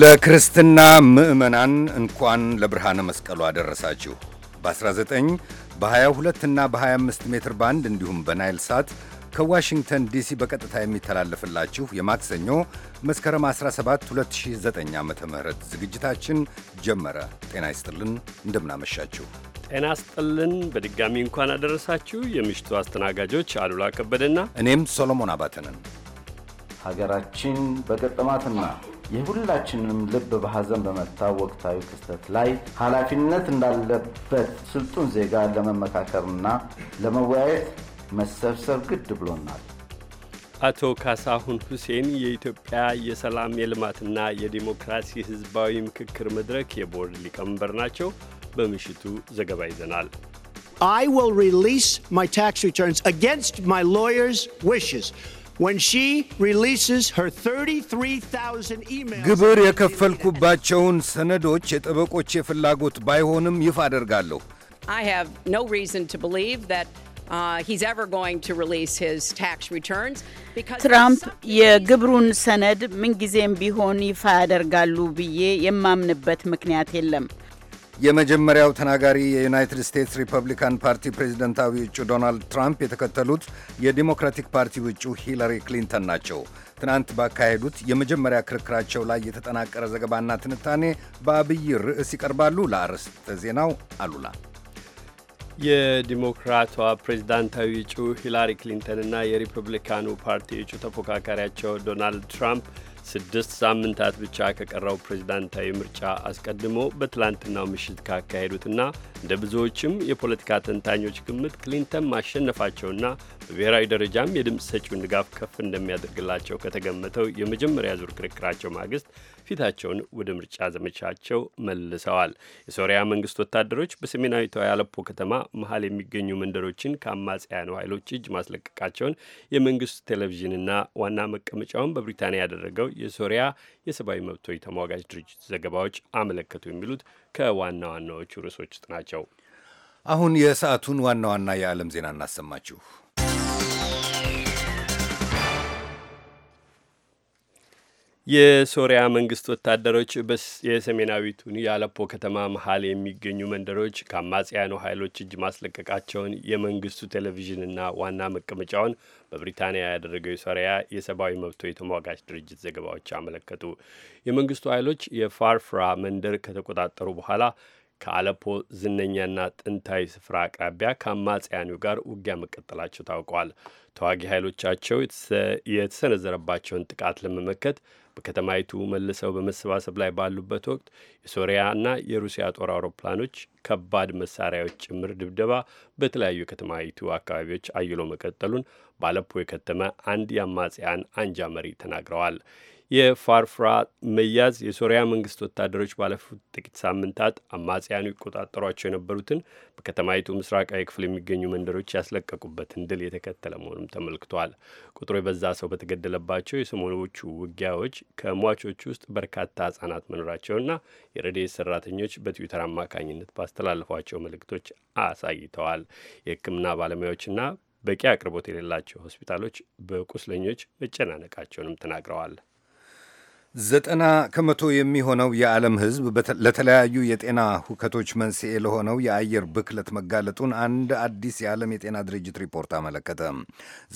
ለክርስትና ምዕመናን እንኳን ለብርሃነ መስቀሉ አደረሳችሁ። በ19 በ22 እና በ25 ሜትር ባንድ እንዲሁም በናይል ሳት ከዋሽንግተን ዲሲ በቀጥታ የሚተላለፍላችሁ የማክሰኞ መስከረም 17 2009 ዓ ም ዝግጅታችን ጀመረ። ጤና ይስጥልን፣ እንደምናመሻችሁ። ጤና ስጥልን በድጋሚ እንኳን አደረሳችሁ። የምሽቱ አስተናጋጆች አሉላ ከበደና እኔም ሶሎሞን አባተንን ሀገራችን በገጠማትና የሁላችንም ልብ በሐዘን በመታ ወቅታዊ ክስተት ላይ ኃላፊነት እንዳለበት ስልጡን ዜጋ ለመመካከርና ለመወያየት መሰብሰብ ግድ ብሎናል። አቶ ካሳሁን ሁሴን የኢትዮጵያ የሰላም የልማትና የዲሞክራሲ ህዝባዊ ምክክር መድረክ የቦርድ ሊቀመንበር ናቸው። በምሽቱ ዘገባ ይዘናል። I will release my tax returns against my lawyer's wishes. when she releases her 33,000 emails. I have no reason to believe that uh, he's ever going to release his tax returns because Trump የግብሩን ሰነድ ምንጊዜም ቢሆን ይፋ ያደርጋሉ ብዬ የማምንበት ምክንያት የለም። የመጀመሪያው ተናጋሪ የዩናይትድ ስቴትስ ሪፐብሊካን ፓርቲ ፕሬዝደንታዊ እጩ ዶናልድ ትራምፕ የተከተሉት የዲሞክራቲክ ፓርቲ እጩ ሂለሪ ክሊንተን ናቸው። ትናንት ባካሄዱት የመጀመሪያ ክርክራቸው ላይ የተጠናቀረ ዘገባና ትንታኔ በአብይ ርዕስ ይቀርባሉ። ለአርዕስተ ዜናው አሉላ የዲሞክራቷ ፕሬዚዳንታዊ እጩ ሂላሪ ክሊንተንና የሪፐብሊካኑ ፓርቲ እጩ ተፎካካሪያቸው ዶናልድ ትራምፕ ስድስት ሳምንታት ብቻ ከቀረው ፕሬዚዳንታዊ ምርጫ አስቀድሞ በትላንትናው ምሽት ካካሄዱትና እንደ ብዙዎችም የፖለቲካ ተንታኞች ግምት ክሊንተን ማሸነፋቸውና በብሔራዊ ደረጃም የድምፅ ሰጪውን ድጋፍ ከፍ እንደሚያደርግላቸው ከተገመተው የመጀመሪያ ዙር ክርክራቸው ማግስት ፊታቸውን ወደ ምርጫ ዘመቻቸው መልሰዋል። የሶሪያ መንግስት ወታደሮች በሰሜናዊቷ የአለፖ ከተማ መሀል የሚገኙ መንደሮችን ከአማጽያኑ ኃይሎች እጅ ማስለቀቃቸውን የመንግስት ቴሌቪዥንና ዋና መቀመጫውን በብሪታንያ ያደረገው የሶሪያ የሰብአዊ መብቶች ተሟጋጅ ድርጅት ዘገባዎች አመለከቱ የሚሉት ከዋና ዋናዎቹ ርዕሶች ውስጥ ናቸው። አሁን የሰዓቱን ዋና ዋና የዓለም ዜና እናሰማችሁ። የሶሪያ መንግስት ወታደሮች የሰሜናዊቱን የአለፖ ከተማ መሀል የሚገኙ መንደሮች ከአማጽያኑ ኃይሎች እጅ ማስለቀቃቸውን የመንግስቱ ቴሌቪዥንና ዋና መቀመጫውን በብሪታንያ ያደረገው የሶሪያ የሰብአዊ መብቶ የተሟጋች ድርጅት ዘገባዎች አመለከቱ። የመንግስቱ ኃይሎች የፋርፍራ መንደር ከተቆጣጠሩ በኋላ ከአለፖ ዝነኛና ጥንታዊ ስፍራ አቅራቢያ ከአማጽያኑ ጋር ውጊያ መቀጠላቸው ታውቋል። ተዋጊ ኃይሎቻቸው የተሰነዘረባቸውን ጥቃት ለመመከት በከተማይቱ መልሰው በመሰባሰብ ላይ ባሉበት ወቅት የሶሪያና የሩሲያ ጦር አውሮፕላኖች ከባድ መሳሪያዎች ጭምር ድብደባ በተለያዩ የከተማይቱ አካባቢዎች አይሎ መቀጠሉን ባለፖ የከተመ አንድ የአማጽያን አንጃ መሪ ተናግረዋል። የፋርፍራ መያዝ የሶሪያ መንግስት ወታደሮች ባለፉት ጥቂት ሳምንታት አማጽያኑ ይቆጣጠሯቸው የነበሩትን በከተማይቱ ምስራቃዊ ክፍል የሚገኙ መንደሮች ያስለቀቁበትን ድል የተከተለ መሆኑም ተመልክቷል። ቁጥሩ የበዛ ሰው በተገደለባቸው የሰሞኖቹ ውጊያዎች ከሟቾቹ ውስጥ በርካታ ህጻናት መኖራቸውና የረድኤት ሰራተኞች በትዊተር አማካኝነት ባስተላለፏቸው መልእክቶች አሳይተዋል። የህክምና ባለሙያዎችና በቂ አቅርቦት የሌላቸው ሆስፒታሎች በቁስለኞች መጨናነቃቸውንም ተናግረዋል። ዘጠና ከመቶ የሚሆነው የዓለም ሕዝብ ለተለያዩ የጤና ሁከቶች መንስኤ ለሆነው የአየር ብክለት መጋለጡን አንድ አዲስ የዓለም የጤና ድርጅት ሪፖርት አመለከተ።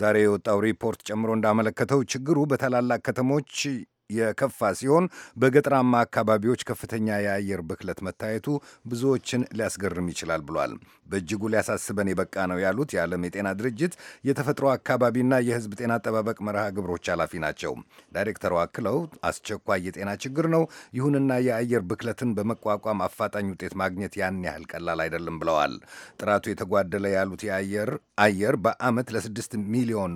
ዛሬ የወጣው ሪፖርት ጨምሮ እንዳመለከተው ችግሩ በታላላቅ ከተሞች የከፋ ሲሆን በገጠራማ አካባቢዎች ከፍተኛ የአየር ብክለት መታየቱ ብዙዎችን ሊያስገርም ይችላል ብሏል። በእጅጉ ሊያሳስበን የበቃ ነው ያሉት የዓለም የጤና ድርጅት የተፈጥሮ አካባቢና የሕዝብ ጤና አጠባበቅ መርሃ ግብሮች ኃላፊ ናቸው። ዳይሬክተሩ አክለው አስቸኳይ የጤና ችግር ነው፣ ይሁንና የአየር ብክለትን በመቋቋም አፋጣኝ ውጤት ማግኘት ያን ያህል ቀላል አይደለም ብለዋል። ጥራቱ የተጓደለ ያሉት የአየር አየር በዓመት ለስድስት ሚሊዮን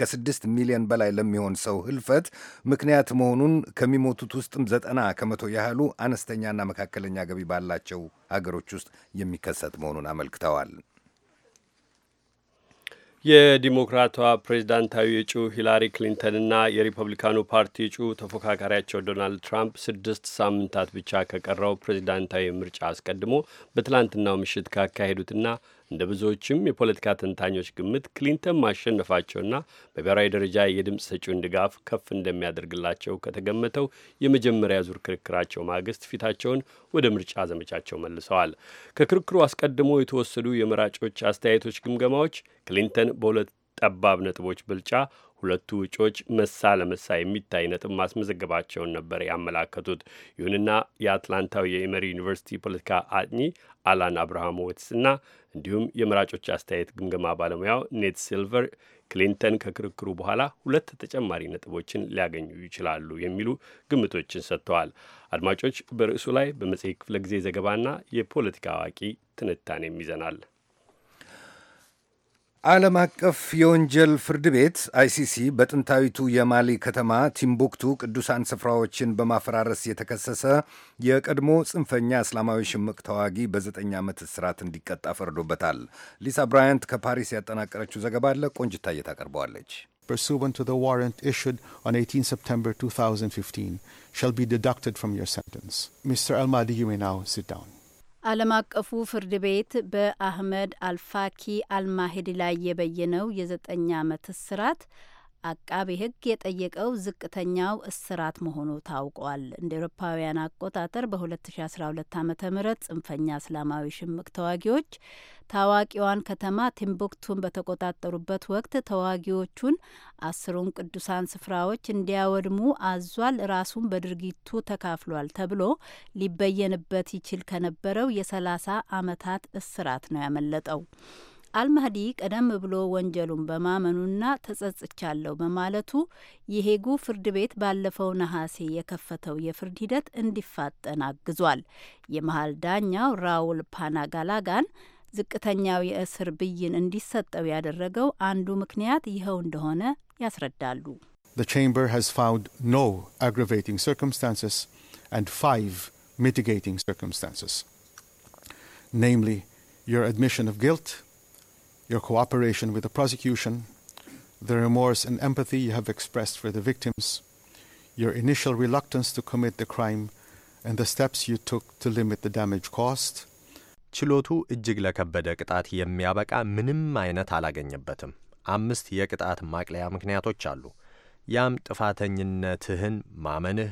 ከስድስት ሚሊዮን በላይ ለሚሆን ሰው ህልፈት ምክንያት መሆኑን ከሚሞቱት ውስጥም ዘጠና ከመቶ ያህሉ አነስተኛና መካከለኛ ገቢ ባላቸው ሀገሮች ውስጥ የሚከሰት መሆኑን አመልክተዋል። የዲሞክራቷ ፕሬዚዳንታዊ እጩ ሂላሪ ክሊንተንና የሪፐብሊካኑ ፓርቲ እጩ ተፎካካሪያቸው ዶናልድ ትራምፕ ስድስት ሳምንታት ብቻ ከቀረው ፕሬዚዳንታዊ ምርጫ አስቀድሞ በትላንትናው ምሽት ካካሄዱትና እንደ ብዙዎችም የፖለቲካ ተንታኞች ግምት ክሊንተን ማሸነፋቸውና በብሔራዊ ደረጃ የድምፅ ሰጪውን ድጋፍ ከፍ እንደሚያደርግላቸው ከተገመተው የመጀመሪያ ዙር ክርክራቸው ማግስት ፊታቸውን ወደ ምርጫ ዘመቻቸው መልሰዋል። ከክርክሩ አስቀድሞ የተወሰዱ የመራጮች አስተያየቶች ግምገማዎች ክሊንተን በሁለት ጠባብ ነጥቦች ብልጫ ሁለቱ እጩዎች መሳ ለመሳ የሚታይ ነጥብ ማስመዘገባቸውን ነበር ያመላከቱት። ይሁንና የአትላንታው የኢመሪ ዩኒቨርሲቲ ፖለቲካ አጥኚ አላን አብርሃሞዊትስና እንዲሁም የመራጮች አስተያየት ግምገማ ባለሙያው ኔት ሲልቨር ክሊንተን ከክርክሩ በኋላ ሁለት ተጨማሪ ነጥቦችን ሊያገኙ ይችላሉ የሚሉ ግምቶችን ሰጥተዋል። አድማጮች፣ በርዕሱ ላይ በመጽሔት ክፍለ ጊዜ ዘገባና የፖለቲካ አዋቂ ትንታኔም ይዘናል። ዓለም አቀፍ የወንጀል ፍርድ ቤት አይሲሲ በጥንታዊቱ የማሊ ከተማ ቲምቡክቱ ቅዱሳን ስፍራዎችን በማፈራረስ የተከሰሰ የቀድሞ ጽንፈኛ እስላማዊ ሽምቅ ተዋጊ በዘጠኝ ዓመት እስራት እንዲቀጣ ፈርዶበታል። ሊሳ ብራያንት ከፓሪስ ያጠናቀረችው ዘገባ አለ ቆንጅታየ ታቀርበዋለች። pursuant to the warrant issued on 18 September 2015 shall be deducted from your sentence. Mr. you may now sit down. ዓለም አቀፉ ፍርድ ቤት በአህመድ አልፋኪ አልማሄድ ላይ የበየነው የዘጠኝ ዓመት እስራት አቃቤ ሕግ የጠየቀው ዝቅተኛው እስራት መሆኑ ታውቋል። እንደ ኤሮፓውያን አቆጣጠር በ2012 ዓ ም ጽንፈኛ እስላማዊ ሽምቅ ተዋጊዎች ታዋቂዋን ከተማ ቲምቡክቱን በተቆጣጠሩበት ወቅት ተዋጊዎቹን አስሩን ቅዱሳን ስፍራዎች እንዲያወድሙ አዟል። ራሱን በድርጊቱ ተካፍሏል ተብሎ ሊበየንበት ይችል ከነበረው የ30 ዓመታት እስራት ነው ያመለጠው። አልማህዲ ቀደም ብሎ ወንጀሉን በማመኑና ተጸጽቻለሁ በማለቱ የሄጉ ፍርድ ቤት ባለፈው ነሐሴ የከፈተው የፍርድ ሂደት እንዲፋጠን አግዟል። የመሀል ዳኛው ራውል ፓናጋላጋን ዝቅተኛው የእስር ብይን እንዲሰጠው ያደረገው አንዱ ምክንያት ይኸው እንደሆነ ያስረዳሉ። The chamber has found no aggravating circumstances and five mitigating circumstances, namely your admission of guilt, your cooperation with the prosecution, the remorse and empathy you have expressed for the victims, your initial reluctance to commit the crime, and the steps you took to limit the damage caused. ችሎቱ እጅግ ለከበደ ቅጣት የሚያበቃ ምንም አይነት አላገኘበትም። አምስት የቅጣት ማቅለያ ምክንያቶች አሉ። ያም ጥፋተኝነትህን ማመንህ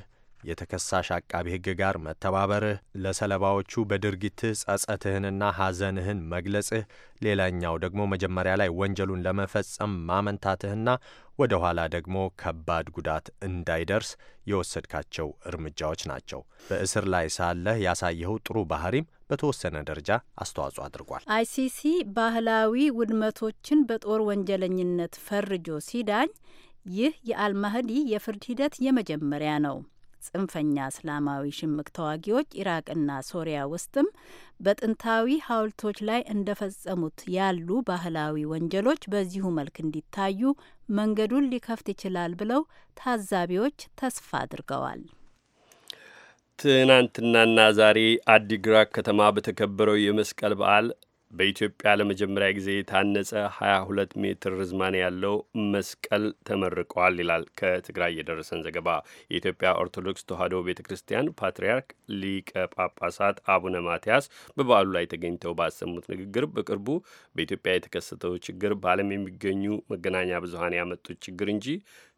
የተከሳሽ አቃቢ ሕግ ጋር መተባበርህ፣ ለሰለባዎቹ በድርጊትህ ጸጸትህንና ሐዘንህን መግለጽህ፣ ሌላኛው ደግሞ መጀመሪያ ላይ ወንጀሉን ለመፈጸም ማመንታትህና ወደ ኋላ ደግሞ ከባድ ጉዳት እንዳይደርስ የወሰድካቸው እርምጃዎች ናቸው። በእስር ላይ ሳለህ ያሳየኸው ጥሩ ባህሪም በተወሰነ ደረጃ አስተዋጽኦ አድርጓል። አይሲሲ ባህላዊ ውድመቶችን በጦር ወንጀለኝነት ፈርጆ ሲዳኝ ይህ የአልማህዲ የፍርድ ሂደት የመጀመሪያ ነው። ጽንፈኛ እስላማዊ ሽምቅ ተዋጊዎች ኢራቅና ሶሪያ ውስጥም በጥንታዊ ሐውልቶች ላይ እንደፈጸሙት ያሉ ባህላዊ ወንጀሎች በዚሁ መልክ እንዲታዩ መንገዱን ሊከፍት ይችላል ብለው ታዛቢዎች ተስፋ አድርገዋል። ትናንትናና ዛሬ አዲግራት ከተማ በተከበረው የመስቀል በዓል በኢትዮጵያ ለመጀመሪያ ጊዜ የታነጸ 22 ሜትር ርዝማኔ ያለው መስቀል ተመርቋል ይላል ከትግራይ የደረሰን ዘገባ። የኢትዮጵያ ኦርቶዶክስ ተዋሕዶ ቤተ ክርስቲያን ፓትርያርክ ሊቀ ጳጳሳት አቡነ ማትያስ በበዓሉ ላይ ተገኝተው ባሰሙት ንግግር በቅርቡ በኢትዮጵያ የተከሰተው ችግር በዓለም የሚገኙ መገናኛ ብዙኃን ያመጡት ችግር እንጂ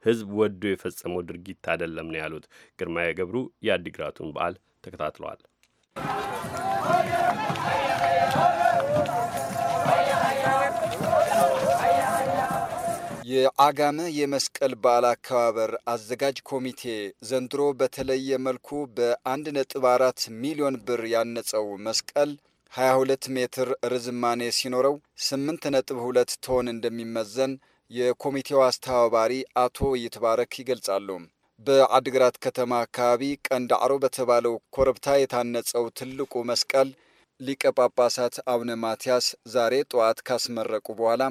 ሕዝብ ወዶ የፈጸመው ድርጊት አይደለም ነው ያሉት። ግርማ ገብሩ የአዲግራቱን በዓል ተከታትለዋል። የአጋመ የመስቀል በዓል አከባበር አዘጋጅ ኮሚቴ ዘንድሮ በተለየ መልኩ በአንድ ነጥብ ሚሊዮን ብር ያነጸው መስቀል 22 ሜትር ርዝማኔ ሲኖረው 8.2 ነጥብ 2 ቶን እንደሚመዘን የኮሚቴው አስተባባሪ አቶ ይትባረክ ይገልጻሉ። በአድግራት ከተማ አካባቢ ቀንድ አሮ በተባለው ኮረብታ የታነጸው ትልቁ መስቀል ሊቀ ጳጳሳት አቡነ ማትያስ ዛሬ ጠዋት ካስመረቁ በኋላ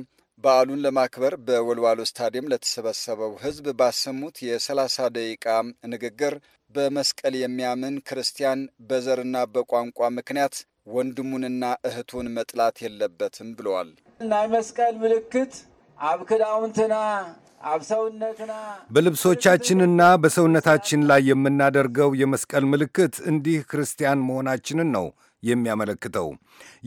በዓሉን ለማክበር በወልዋሎ ስታዲየም ለተሰበሰበው ሕዝብ ባሰሙት የ30 ደቂቃ ንግግር በመስቀል የሚያምን ክርስቲያን በዘርና በቋንቋ ምክንያት ወንድሙንና እህቱን መጥላት የለበትም ብለዋል። ናይ መስቀል ምልክት አብ ክዳውንትና አብ ሰውነትና በልብሶቻችንና በሰውነታችን ላይ የምናደርገው የመስቀል ምልክት እንዲህ ክርስቲያን መሆናችንን ነው የሚያመለክተው።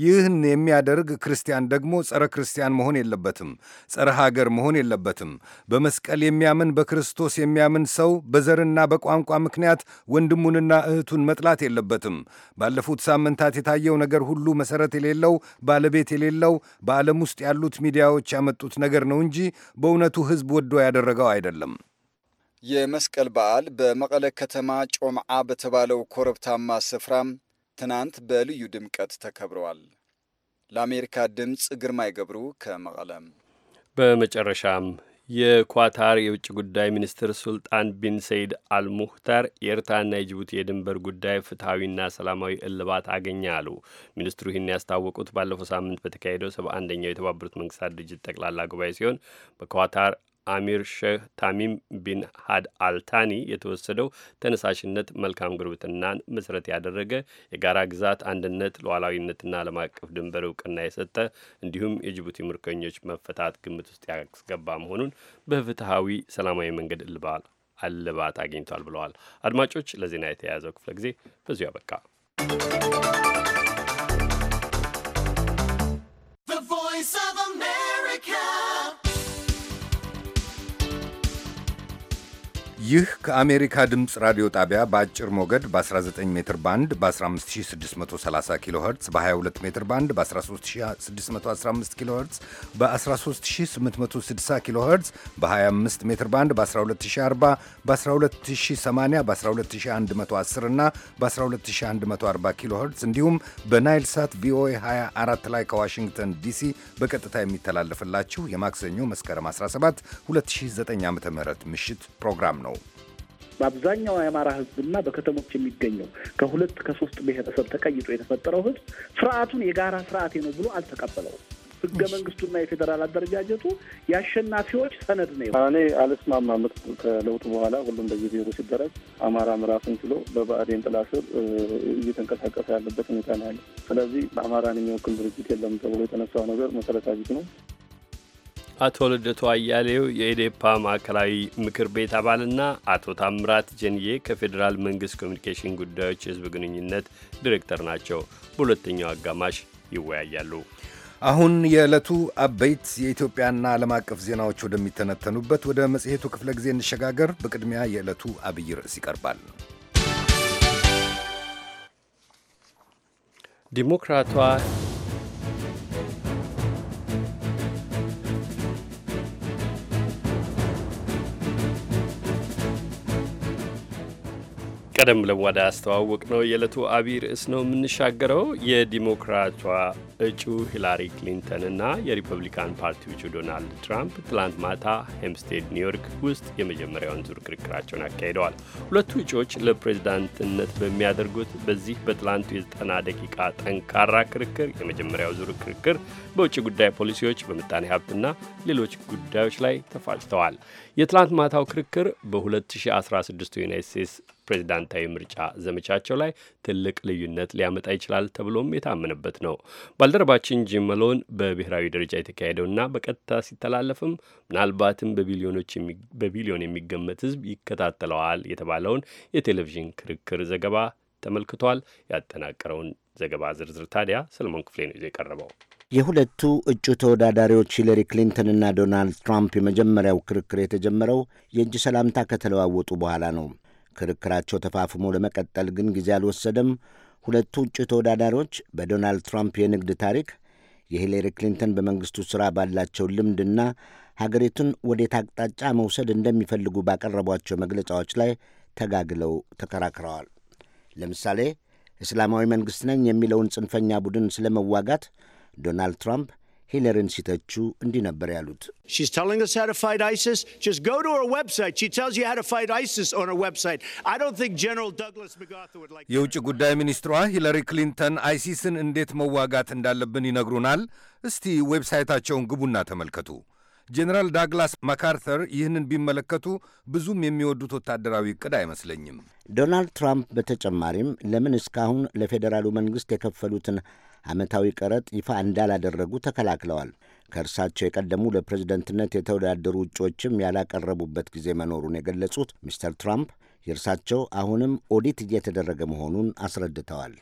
ይህን የሚያደርግ ክርስቲያን ደግሞ ጸረ ክርስቲያን መሆን የለበትም፣ ጸረ ሀገር መሆን የለበትም። በመስቀል የሚያምን በክርስቶስ የሚያምን ሰው በዘርና በቋንቋ ምክንያት ወንድሙንና እህቱን መጥላት የለበትም። ባለፉት ሳምንታት የታየው ነገር ሁሉ መሰረት የሌለው ባለቤት የሌለው በዓለም ውስጥ ያሉት ሚዲያዎች ያመጡት ነገር ነው እንጂ በእውነቱ ሕዝብ ወዶ ያደረገው አይደለም። የመስቀል በዓል በመቀለ ከተማ ጮምዓ በተባለው ኮረብታማ ስፍራ ትናንት በልዩ ድምቀት ተከብረዋል። ለአሜሪካ ድምፅ ግርማይ ገብሩ ከመቀለም። በመጨረሻም የኳታር የውጭ ጉዳይ ሚኒስትር ሱልጣን ቢን ሰይድ አልሙህታር የኤርትራና የጅቡቲ የድንበር ጉዳይ ፍትሐዊና ሰላማዊ እልባት አገኘ አሉ። ሚኒስትሩ ይህን ያስታወቁት ባለፈው ሳምንት በተካሄደው ሰባ አንደኛው የተባበሩት መንግስታት ድርጅት ጠቅላላ ጉባኤ ሲሆን በኳታር አሚር ሼህ ታሚም ቢን ሀድ አልታኒ የተወሰደው ተነሳሽነት መልካም ጉርብትናን መሰረት ያደረገ የጋራ ግዛት አንድነት፣ ሉዓላዊነትና ዓለም አቀፍ ድንበር እውቅና የሰጠ እንዲሁም የጅቡቲ ምርኮኞች መፈታት ግምት ውስጥ ያስገባ መሆኑን በፍትሐዊ ሰላማዊ መንገድ እልባል አልባት አግኝቷል ብለዋል። አድማጮች፣ ለዜና የተያያዘው ክፍለ ጊዜ በዚሁ ያበቃ። ይህ ከአሜሪካ ድምፅ ራዲዮ ጣቢያ በአጭር ሞገድ በ19 ሜትር ባንድ በ15630 ኪሎ ኸርትዝ በ22 ሜትር ባንድ በ13615 ኪሎ ኸርትዝ በ13860 ኪሎ ኸርትዝ በ25 ሜትር ባንድ በ12040 በ12080 በ12110 እና በ12140 ኪሎ ኸርትዝ እንዲሁም በናይል ሳት ቪኦኤ 24 ላይ ከዋሽንግተን ዲሲ በቀጥታ የሚተላለፍላችሁ የማክሰኞ መስከረም 17 2009 ዓ.ም ምሽት ፕሮግራም ነው። በአብዛኛው የአማራ ህዝብና በከተሞች የሚገኘው ከሁለት ከሶስት ብሔረሰብ ተቀይጦ የተፈጠረው ህዝብ ስርዓቱን የጋራ ስርዓቴ ነው ብሎ አልተቀበለውም። ህገ መንግስቱና የፌዴራል አደረጃጀቱ የአሸናፊዎች ሰነድ ነው። እኔ አልስማማም። ከለውጡ በኋላ ሁሉም በየብሔሩ ሲደረግ አማራ ምራፍን ችሎ በብአዴን ጥላ ስር እየተንቀሳቀሰ ያለበት ሁኔታ ነው ያለ። ስለዚህ አማራን የሚወክል ድርጅት የለም ተብሎ የተነሳው ነገር መሰረታዊ ነው። አቶ ልደቱ አያሌው የኢዴፓ ማዕከላዊ ምክር ቤት አባልና አቶ ታምራት ጀንዬ ከፌዴራል መንግስት ኮሚኒኬሽን ጉዳዮች የህዝብ ግንኙነት ዲሬክተር ናቸው። በሁለተኛው አጋማሽ ይወያያሉ። አሁን የዕለቱ አበይት የኢትዮጵያና ዓለም አቀፍ ዜናዎች ወደሚተነተኑበት ወደ መጽሔቱ ክፍለ ጊዜ እንሸጋገር። በቅድሚያ የዕለቱ አብይ ርዕስ ይቀርባል። ዲሞክራቷ ቀደም ብለን ወደ አስተዋወቅ ነው የዕለቱ አብይ ርዕስ ነው የምንሻገረው የዲሞክራቷ እጩ ሂላሪ ክሊንተን እና የሪፐብሊካን ፓርቲ እጩ ዶናልድ ትራምፕ ትላንት ማታ ሄምስቴድ ኒውዮርክ ውስጥ የመጀመሪያውን ዙር ክርክራቸውን አካሂደዋል። ሁለቱ እጩዎች ለፕሬዚዳንትነት በሚያደርጉት በዚህ በትላንቱ የዘጠና ደቂቃ ጠንካራ ክርክር የመጀመሪያው ዙር ክርክር በውጭ ጉዳይ ፖሊሲዎች፣ በምጣኔ ሀብትና ሌሎች ጉዳዮች ላይ ተፋጭተዋል። የትላንት ማታው ክርክር በ2016 ዩናይት ስቴትስ ፕሬዚዳንታዊ ምርጫ ዘመቻቸው ላይ ትልቅ ልዩነት ሊያመጣ ይችላል ተብሎም የታመነበት ነው። ባልደረባችን ጂም መሎን በብሔራዊ ደረጃ የተካሄደውና በቀጥታ ሲተላለፍም ምናልባትም በቢሊዮን የሚገመት ሕዝብ ይከታተለዋል የተባለውን የቴሌቪዥን ክርክር ዘገባ ተመልክቷል። ያጠናቀረውን ዘገባ ዝርዝር ታዲያ ሰለሞን ክፍሌ ነው ይዞ የቀረበው። የሁለቱ እጩ ተወዳዳሪዎች ሂለሪ ክሊንተንና ዶናልድ ትራምፕ የመጀመሪያው ክርክር የተጀመረው የእጅ ሰላምታ ከተለዋወጡ በኋላ ነው። ክርክራቸው ተፋፍሞ ለመቀጠል ግን ጊዜ አልወሰደም። ሁለቱ ውጭ ተወዳዳሪዎች በዶናልድ ትራምፕ የንግድ ታሪክ፣ የሂለሪ ክሊንተን በመንግሥቱ ሥራ ባላቸው ልምድና ሀገሪቱን ወዴት አቅጣጫ መውሰድ እንደሚፈልጉ ባቀረቧቸው መግለጫዎች ላይ ተጋግለው ተከራክረዋል። ለምሳሌ እስላማዊ መንግሥት ነኝ የሚለውን ጽንፈኛ ቡድን ስለመዋጋት ዶናልድ ትራምፕ ሂለርን ሲተቹ እንዲህ ነበር ያሉት። የውጭ ጉዳይ ሚኒስትሯ ሂለሪ ክሊንተን አይሲስን እንዴት መዋጋት እንዳለብን ይነግሩናል። እስቲ ዌብሳይታቸውን ግቡና ተመልከቱ። ጄኔራል ዳግላስ ማካርተር ይህንን ቢመለከቱ ብዙም የሚወዱት ወታደራዊ እቅድ አይመስለኝም። ዶናልድ ትራምፕ በተጨማሪም ለምን እስካሁን ለፌዴራሉ መንግሥት የከፈሉትን ዓመታዊ ቀረጥ ይፋ እንዳላደረጉ ተከላክለዋል። ከእርሳቸው የቀደሙ ለፕሬዝደንትነት የተወዳደሩ እጩዎችም ያላቀረቡበት ጊዜ መኖሩን የገለጹት ሚስተር ትራምፕ የእርሳቸው አሁንም ኦዲት እየተደረገ መሆኑን አስረድተዋል።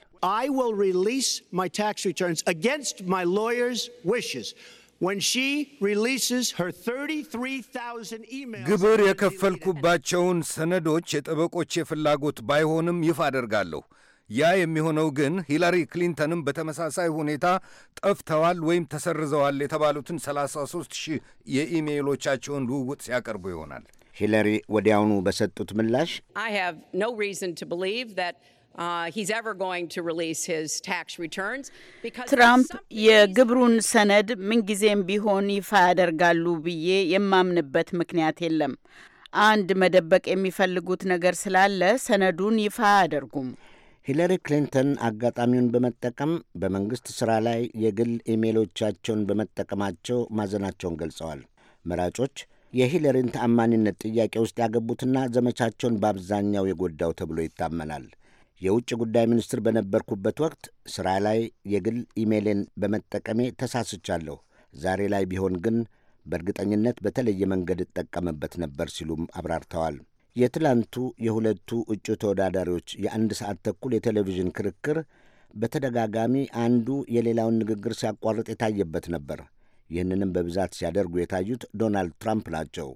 ግብር የከፈልኩባቸውን ሰነዶች የጠበቆቼ ፍላጎት ባይሆንም ይፋ አደርጋለሁ ያ የሚሆነው ግን ሂላሪ ክሊንተንም በተመሳሳይ ሁኔታ ጠፍተዋል ወይም ተሰርዘዋል የተባሉትን 33 ሺህ የኢሜይሎቻቸውን ልውውጥ ሲያቀርቡ ይሆናል። ሂለሪ ወዲያውኑ በሰጡት ምላሽ ትራምፕ የግብሩን ሰነድ ምንጊዜም ቢሆን ይፋ ያደርጋሉ ብዬ የማምንበት ምክንያት የለም። አንድ መደበቅ የሚፈልጉት ነገር ስላለ ሰነዱን ይፋ አያደርጉም። ሂለሪ ክሊንተን አጋጣሚውን በመጠቀም በመንግሥት ሥራ ላይ የግል ኢሜሎቻቸውን በመጠቀማቸው ማዘናቸውን ገልጸዋል። መራጮች የሂለሪን ተአማኒነት ጥያቄ ውስጥ ያገቡትና ዘመቻቸውን በአብዛኛው የጎዳው ተብሎ ይታመናል። የውጭ ጉዳይ ሚኒስትር በነበርኩበት ወቅት ሥራ ላይ የግል ኢሜይሌን በመጠቀሜ ተሳስቻለሁ። ዛሬ ላይ ቢሆን ግን በእርግጠኝነት በተለየ መንገድ እጠቀምበት ነበር ሲሉም አብራርተዋል። የትላንቱ የሁለቱ እጩ ተወዳዳሪዎች የአንድ ሰዓት ተኩል የቴሌቪዥን ክርክር በተደጋጋሚ አንዱ የሌላውን ንግግር ሲያቋርጥ የታየበት ነበር። ይህንንም በብዛት ሲያደርጉ የታዩት ዶናልድ ትራምፕ ናቸው።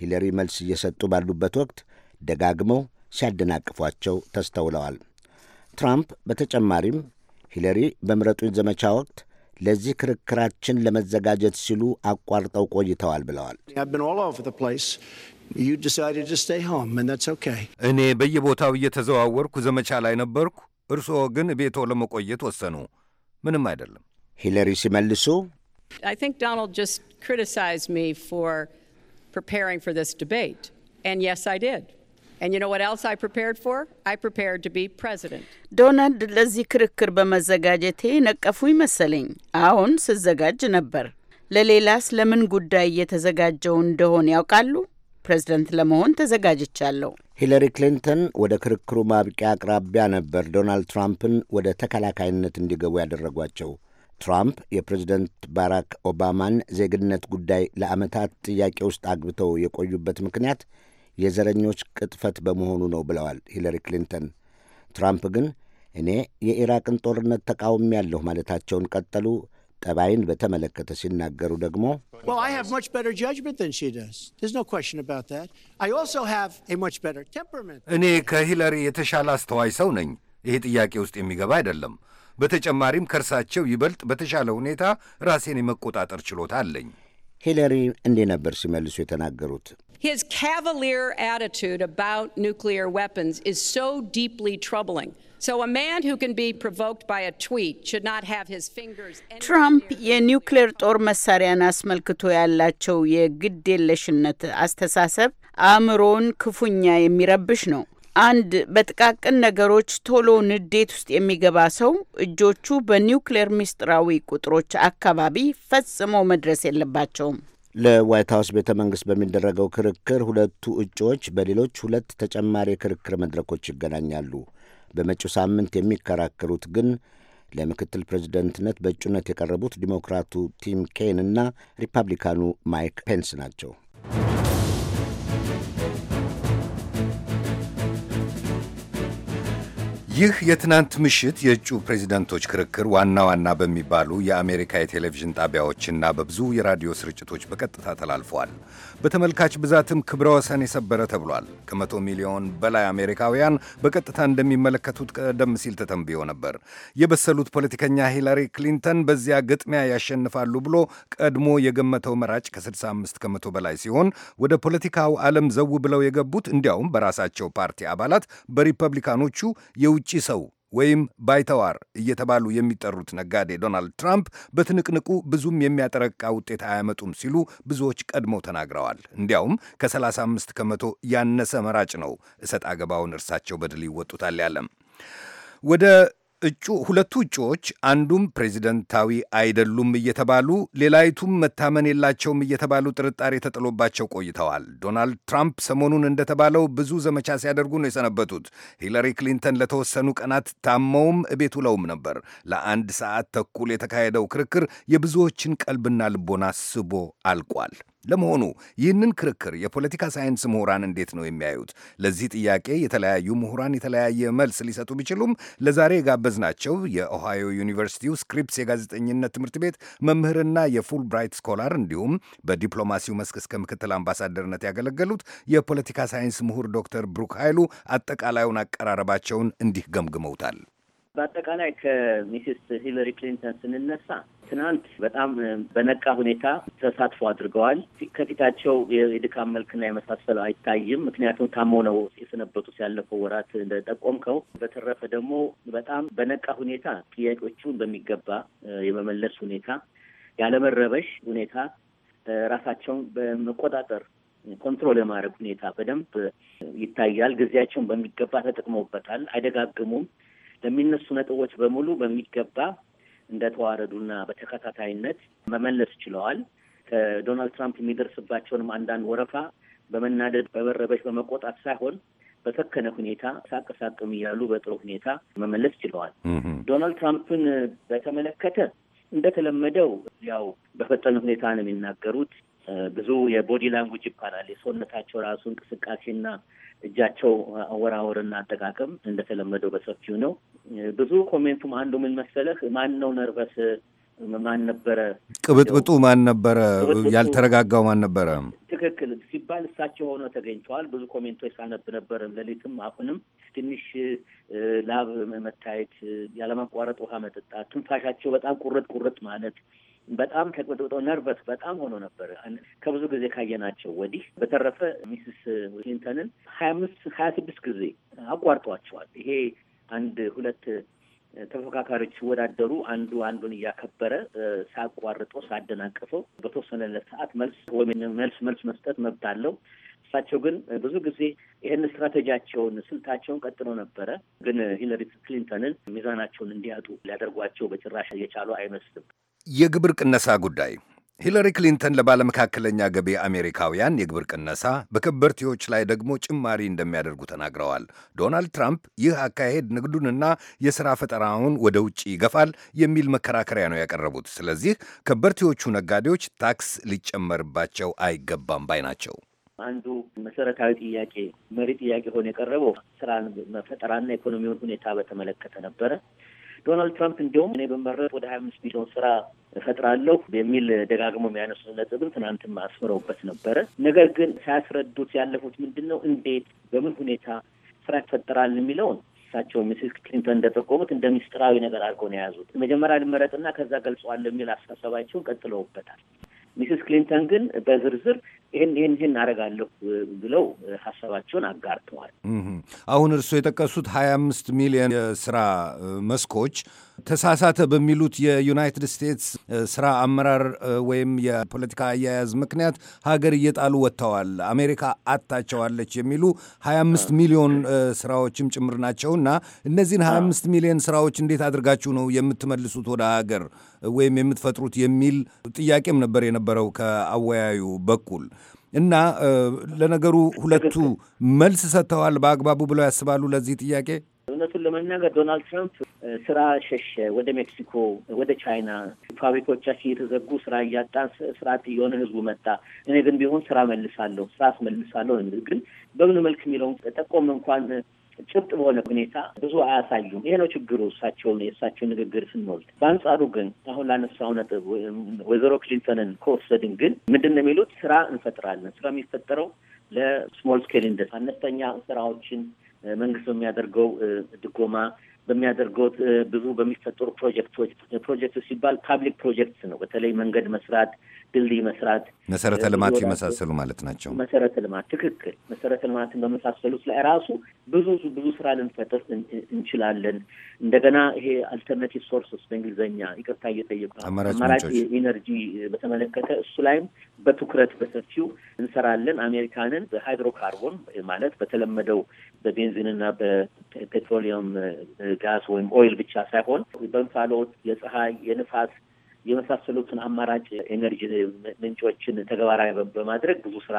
ሂለሪ መልስ እየሰጡ ባሉበት ወቅት ደጋግመው ሲያደናቅፏቸው ተስተውለዋል። ትራምፕ በተጨማሪም ሂለሪ በምረጡኝ ዘመቻ ወቅት ለዚህ ክርክራችን ለመዘጋጀት ሲሉ አቋርጠው ቆይተዋል ብለዋል። እኔ በየቦታው እየተዘዋወርኩ ዘመቻ ላይ ነበርኩ። እርስዎ ግን ቤቶ ለመቆየት ወሰኑ። ምንም አይደለም። ሂለሪ ሲመልሱ ዶናልድ ዶናልድ ለዚህ ክርክር በመዘጋጀቴ ነቀፉ መሰለኝ። አሁን ስዘጋጅ ነበር። ለሌላስ ለምን ጉዳይ እየተዘጋጀው እንደሆን ያውቃሉ። ፕሬዝደንት ለመሆን ተዘጋጅቻለሁ። ሂለሪ ክሊንተን ወደ ክርክሩ ማብቂያ አቅራቢያ ነበር ዶናልድ ትራምፕን ወደ ተከላካይነት እንዲገቡ ያደረጓቸው። ትራምፕ የፕሬዝደንት ባራክ ኦባማን ዜግነት ጉዳይ ለዓመታት ጥያቄ ውስጥ አግብተው የቆዩበት ምክንያት የዘረኞች ቅጥፈት በመሆኑ ነው ብለዋል ሂለሪ ክሊንተን። ትራምፕ ግን እኔ የኢራቅን ጦርነት ተቃውሚ ያለሁ ማለታቸውን ቀጠሉ። ጠባይን በተመለከተ ሲናገሩ ደግሞ እኔ ከሂለሪ የተሻለ አስተዋይ ሰው ነኝ። ይሄ ጥያቄ ውስጥ የሚገባ አይደለም። በተጨማሪም ከእርሳቸው ይበልጥ በተሻለ ሁኔታ ራሴን የመቆጣጠር ችሎታ አለኝ። ሂለሪ እንዲህ ነበር ሲመልሱ የተናገሩት። His cavalier attitude about nuclear weapons is so deeply troubling. So a man who can be provoked by a tweet should not have his fingers ትራምፕ የኒውክሌር ጦር መሳሪያን አስመልክቶ ያላቸው የግድ የለሽነት አስተሳሰብ አእምሮን ክፉኛ የሚረብሽ ነው። አንድ በጥቃቅን ነገሮች ቶሎ ንዴት ውስጥ የሚገባ ሰው እጆቹ በኒውክሌር ምስጢራዊ ቁጥሮች አካባቢ ፈጽሞ መድረስ የለባቸውም። ለዋይት ሀውስ ቤተ መንግሥት በሚደረገው ክርክር ሁለቱ እጩዎች በሌሎች ሁለት ተጨማሪ የክርክር መድረኮች ይገናኛሉ። በመጪው ሳምንት የሚከራከሩት ግን ለምክትል ፕሬዚደንትነት በእጩነት የቀረቡት ዲሞክራቱ ቲም ኬን እና ሪፐብሊካኑ ማይክ ፔንስ ናቸው። ይህ የትናንት ምሽት የእጩ ፕሬዚደንቶች ክርክር ዋና ዋና በሚባሉ የአሜሪካ የቴሌቪዥን ጣቢያዎችና በብዙ የራዲዮ ስርጭቶች በቀጥታ ተላልፈዋል። በተመልካች ብዛትም ክብረ ወሰን የሰበረ ተብሏል። ከመቶ ሚሊዮን በላይ አሜሪካውያን በቀጥታ እንደሚመለከቱት ቀደም ሲል ተተንብዮ ነበር። የበሰሉት ፖለቲከኛ ሂላሪ ክሊንተን በዚያ ግጥሚያ ያሸንፋሉ ብሎ ቀድሞ የገመተው መራጭ ከ65 ከመቶ በላይ ሲሆን ወደ ፖለቲካው ዓለም ዘው ብለው የገቡት እንዲያውም በራሳቸው ፓርቲ አባላት በሪፐብሊካኖቹ የውጭ የውጭ ሰው ወይም ባይተዋር እየተባሉ የሚጠሩት ነጋዴ ዶናልድ ትራምፕ በትንቅንቁ ብዙም የሚያጠረቃ ውጤት አያመጡም ሲሉ ብዙዎች ቀድመው ተናግረዋል። እንዲያውም ከ35 ከመቶ ያነሰ መራጭ ነው እሰጥ አገባውን እርሳቸው በድል ይወጡታል ያለም ወደ እጩ ሁለቱ እጩዎች አንዱም ፕሬዚደንታዊ አይደሉም እየተባሉ ሌላይቱም መታመን የላቸውም እየተባሉ ጥርጣሬ ተጥሎባቸው ቆይተዋል። ዶናልድ ትራምፕ ሰሞኑን እንደተባለው ብዙ ዘመቻ ሲያደርጉ ነው የሰነበቱት። ሂለሪ ክሊንተን ለተወሰኑ ቀናት ታመውም እቤት ውለውም ነበር። ለአንድ ሰዓት ተኩል የተካሄደው ክርክር የብዙዎችን ቀልብና ልቦና ስቦ አልቋል። ለመሆኑ ይህንን ክርክር የፖለቲካ ሳይንስ ምሁራን እንዴት ነው የሚያዩት? ለዚህ ጥያቄ የተለያዩ ምሁራን የተለያየ መልስ ሊሰጡ ቢችሉም ለዛሬ የጋበዝናቸው የኦሃዮ ዩኒቨርሲቲው ስክሪፕስ የጋዜጠኝነት ትምህርት ቤት መምህርና የፉል ብራይት ስኮላር እንዲሁም በዲፕሎማሲው መስክ እስከ ምክትል አምባሳደርነት ያገለገሉት የፖለቲካ ሳይንስ ምሁር ዶክተር ብሩክ ኃይሉ አጠቃላዩን አቀራረባቸውን እንዲህ ገምግመውታል። በአጠቃላይ ከሚስስ ሂለሪ ክሊንተን ስንነሳ ትናንት በጣም በነቃ ሁኔታ ተሳትፎ አድርገዋል። ከፊታቸው የድካም መልክና የመሳሰለው አይታይም። ምክንያቱም ታሞ ነው የሰነበቱት ያለፈው ወራት እንደጠቆምከው። በተረፈ ደግሞ በጣም በነቃ ሁኔታ ጥያቄዎቹን በሚገባ የመመለስ ሁኔታ፣ ያለመረበሽ ሁኔታ፣ ራሳቸውን በመቆጣጠር ኮንትሮል የማድረግ ሁኔታ በደንብ ይታያል። ጊዜያቸውን በሚገባ ተጠቅመውበታል። አይደጋግሙም። ለሚነሱ ነጥቦች በሙሉ በሚገባ እንደተዋረዱና በተከታታይነት መመለስ ችለዋል። ከዶናልድ ትራምፕ የሚደርስባቸውንም አንዳንድ ወረፋ በመናደድ በመረበሽ በመቆጣት ሳይሆን በሰከነ ሁኔታ ሳቅ ሳቅም እያሉ በጥሩ ሁኔታ መመለስ ችለዋል። ዶናልድ ትራምፕን በተመለከተ እንደተለመደው ያው በፈጠነ ሁኔታ ነው የሚናገሩት። ብዙ የቦዲ ላንጉጅ ይባላል የሰውነታቸው ራሱ እንቅስቃሴና እጃቸው አወራወርና አጠቃቀም እንደተለመደው በሰፊው ነው። ብዙ ኮሜንቱም አንዱ ምን መሰለህ፣ ማን ነው ነርቨስ ማን ነበረ? ቅብጥብጡ ማን ነበረ? ያልተረጋጋው ማን ነበረ? ትክክል ሲባል እሳቸው ሆነው ተገኝተዋል። ብዙ ኮሜንቶች ሳነብ ነበር ሌሊትም አሁንም። ትንሽ ላብ መታየት፣ ያለማቋረጥ ውሃ መጠጣት፣ ትንፋሻቸው በጣም ቁርጥ ቁርጥ ማለት በጣም ተቆጥጦ ነርበስ በጣም ሆኖ ነበር ከብዙ ጊዜ ካየናቸው ወዲህ። በተረፈ ሚስስ ክሊንተንን ሀያ አምስት ሀያ ስድስት ጊዜ አቋርጧቸዋል። ይሄ አንድ ሁለት ተፎካካሪዎች ሲወዳደሩ አንዱ አንዱን እያከበረ ሳቋርጦ ሳያደናቅፈው በተወሰነለት ሰዓት መልስ ወይም መልስ መልስ መስጠት መብት አለው። እሳቸው ግን ብዙ ጊዜ ይህን ስትራቴጂያቸውን ስልታቸውን ቀጥሎ ነበረ። ግን ሂለሪ ክሊንተንን ሚዛናቸውን እንዲያጡ ሊያደርጓቸው በጭራሽ የቻሉ አይመስልም። የግብር ቅነሳ ጉዳይ ሂለሪ ክሊንተን ለባለመካከለኛ ገቢ አሜሪካውያን የግብር ቅነሳ፣ በከበርቴዎች ላይ ደግሞ ጭማሪ እንደሚያደርጉ ተናግረዋል። ዶናልድ ትራምፕ ይህ አካሄድ ንግዱንና የሥራ ፈጠራውን ወደ ውጭ ይገፋል የሚል መከራከሪያ ነው ያቀረቡት። ስለዚህ ከበርቴዎቹ ነጋዴዎች ታክስ ሊጨመርባቸው አይገባም ባይ ናቸው። አንዱ መሰረታዊ ጥያቄ መሪ ጥያቄ ሆኖ የቀረበው ስራን ፈጠራና ኢኮኖሚውን ሁኔታ በተመለከተ ነበረ። ዶናልድ ትራምፕ እንዲሁም እኔ በመረጥ ወደ ሀያ አምስት ቢሊዮን ስራ እፈጥራለሁ የሚል ደጋግሞ የሚያነሱት ነጥብም ትናንትም አስምረውበት ነበረ። ነገር ግን ሳያስረዱት ያለፉት ምንድን ነው፣ እንዴት በምን ሁኔታ ስራ ይፈጠራል የሚለውን እሳቸው ሚስስ ክሊንተን እንደጠቆሙት እንደ ሚስጥራዊ ነገር አድርገው ነው የያዙት። መጀመሪያ ልመረጥና ከዛ ገልጸዋል የሚል አስተሳሰባቸውን ቀጥለውበታል። ሚስስ ክሊንተን ግን በዝርዝር ይህን ይህን ይህን አደርጋለሁ ብለው ሀሳባቸውን አጋርተዋል። አሁን እርስዎ የጠቀሱት ሀያ አምስት ሚሊዮን የስራ መስኮች ተሳሳተ በሚሉት የዩናይትድ ስቴትስ ስራ አመራር ወይም የፖለቲካ አያያዝ ምክንያት ሀገር እየጣሉ ወጥተዋል፣ አሜሪካ አታቸዋለች የሚሉ 25 ሚሊዮን ስራዎችም ጭምር ናቸው እና እነዚህን 25 ሚሊዮን ስራዎች እንዴት አድርጋችሁ ነው የምትመልሱት ወደ ሀገር ወይም የምትፈጥሩት የሚል ጥያቄም ነበር የነበረው ከአወያዩ በኩል እና ለነገሩ ሁለቱ መልስ ሰጥተዋል በአግባቡ ብለው ያስባሉ ለዚህ ጥያቄ? እውነቱን ለመናገር ዶናልድ ትራምፕ ስራ ሸሸ ወደ ሜክሲኮ፣ ወደ ቻይና። ፋብሪካዎቻችን እየተዘጉ ስራ እያጣን ስርዓት እየሆነ ህዝቡ መጣ። እኔ ግን ቢሆን ስራ መልሳለሁ፣ ስራ አስመልሳለሁ። ግን በምን መልክ የሚለውን ጠቆም እንኳን ጭብጥ በሆነ ሁኔታ ብዙ አያሳዩም። ይሄ ነው ችግሩ። እሳቸውን የእሳቸው ንግግር ስንወልድ። በአንጻሩ ግን አሁን ላነሳው ነጥብ ወይዘሮ ክሊንተንን ከወሰድን ግን ምንድን ነው የሚሉት ስራ እንፈጥራለን። ስራ የሚፈጠረው ለስሞል ስኬል ኢንደስትሪ አነስተኛ ስራዎችን መንግስት በሚያደርገው ድጎማ በሚያደርገው ብዙ በሚፈጠሩ ፕሮጀክቶች ፕሮጀክቶች ሲባል ፓብሊክ ፕሮጀክትስ ነው። በተለይ መንገድ መስራት ድልድይ መስራት፣ መሰረተ ልማት የመሳሰሉ ማለት ናቸው። መሰረተ ልማት ትክክል። መሰረተ ልማትን በመሳሰሉት ላይ ራሱ ብዙ ብዙ ስራ ልንፈጥር እንችላለን። እንደገና ይሄ አልተርናቲቭ ሶርስስ በእንግሊዝኛ ይቅርታ እየጠየቁ አማራጭ ኢነርጂ በተመለከተ እሱ ላይም በትኩረት በሰፊው እንሰራለን። አሜሪካንን በሃይድሮካርቦን ማለት በተለመደው በቤንዚንና በፔትሮሊየም ጋዝ ወይም ኦይል ብቻ ሳይሆን በእንፋሎት፣ የፀሐይ፣ የንፋስ የመሳሰሉትን አማራጭ ኤነርጂ ምንጮችን ተግባራዊ በማድረግ ብዙ ስራ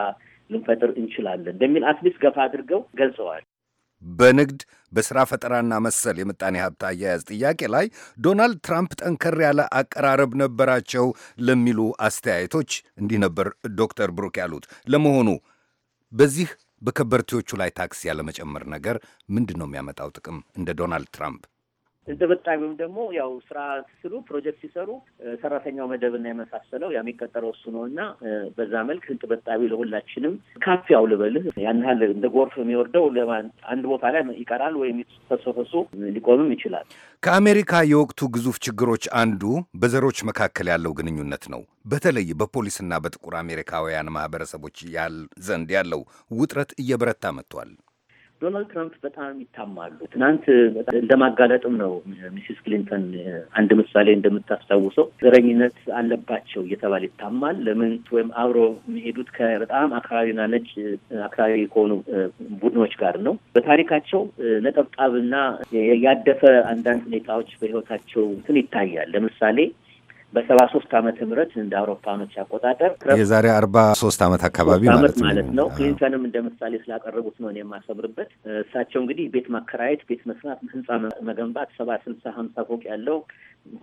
ልንፈጥር እንችላለን በሚል አትሊስት ገፋ አድርገው ገልጸዋል። በንግድ በስራ ፈጠራና መሰል የምጣኔ ሀብት አያያዝ ጥያቄ ላይ ዶናልድ ትራምፕ ጠንከር ያለ አቀራረብ ነበራቸው ለሚሉ አስተያየቶች እንዲህ ነበር ዶክተር ብሩክ ያሉት። ለመሆኑ በዚህ በከበርቴዎቹ ላይ ታክስ ያለመጨመር ነገር ምንድን ነው የሚያመጣው ጥቅም እንደ ዶናልድ ትራምፕ እንደመጣቢውም ደግሞ ያው ስራ ስሉ ፕሮጀክት ሲሰሩ ሰራተኛው መደብና የመሳሰለው ያ የሚቀጠረው እሱ ነው እና በዛ መልክ ህንጥ በጣቢ ለሁላችንም ካፍ ያው ልበልህ ያን ያህል እንደ ጎርፍ የሚወርደው አንድ ቦታ ላይ ይቀራል ወይም ፈሶፈሶ ሊቆምም ይችላል። ከአሜሪካ የወቅቱ ግዙፍ ችግሮች አንዱ በዘሮች መካከል ያለው ግንኙነት ነው። በተለይ በፖሊስና በጥቁር አሜሪካውያን ማህበረሰቦች ዘንድ ያለው ውጥረት እየበረታ መጥቷል። ዶናልድ ትራምፕ በጣም ይታማሉ። ትናንት ለማጋለጥም ነው ሚስስ ክሊንተን አንድ ምሳሌ እንደምታስታውሰው ዘረኝነት አለባቸው እየተባለ ይታማል። ለምን ወይም አብሮ የሚሄዱት በጣም አክራሪና ነጭ አክራሪ ከሆኑ ቡድኖች ጋር ነው። በታሪካቸው ነጠብጣብና ያደፈ አንዳንድ ሁኔታዎች በህይወታቸው እንትን ይታያል። ለምሳሌ በሰባ ሶስት ዓመተ ምህረት እንደ አውሮፓኖች አቆጣጠር የዛሬ አርባ ሶስት ዓመት አካባቢ ማለት ማለት ነው። ክሊንተንም እንደ ምሳሌ ስላቀረቡት ነው የማሰምርበት። እሳቸው እንግዲህ ቤት ማከራየት፣ ቤት መስራት፣ ህንፃ መገንባት ሰባ ስልሳ ሀምሳ ፎቅ ያለው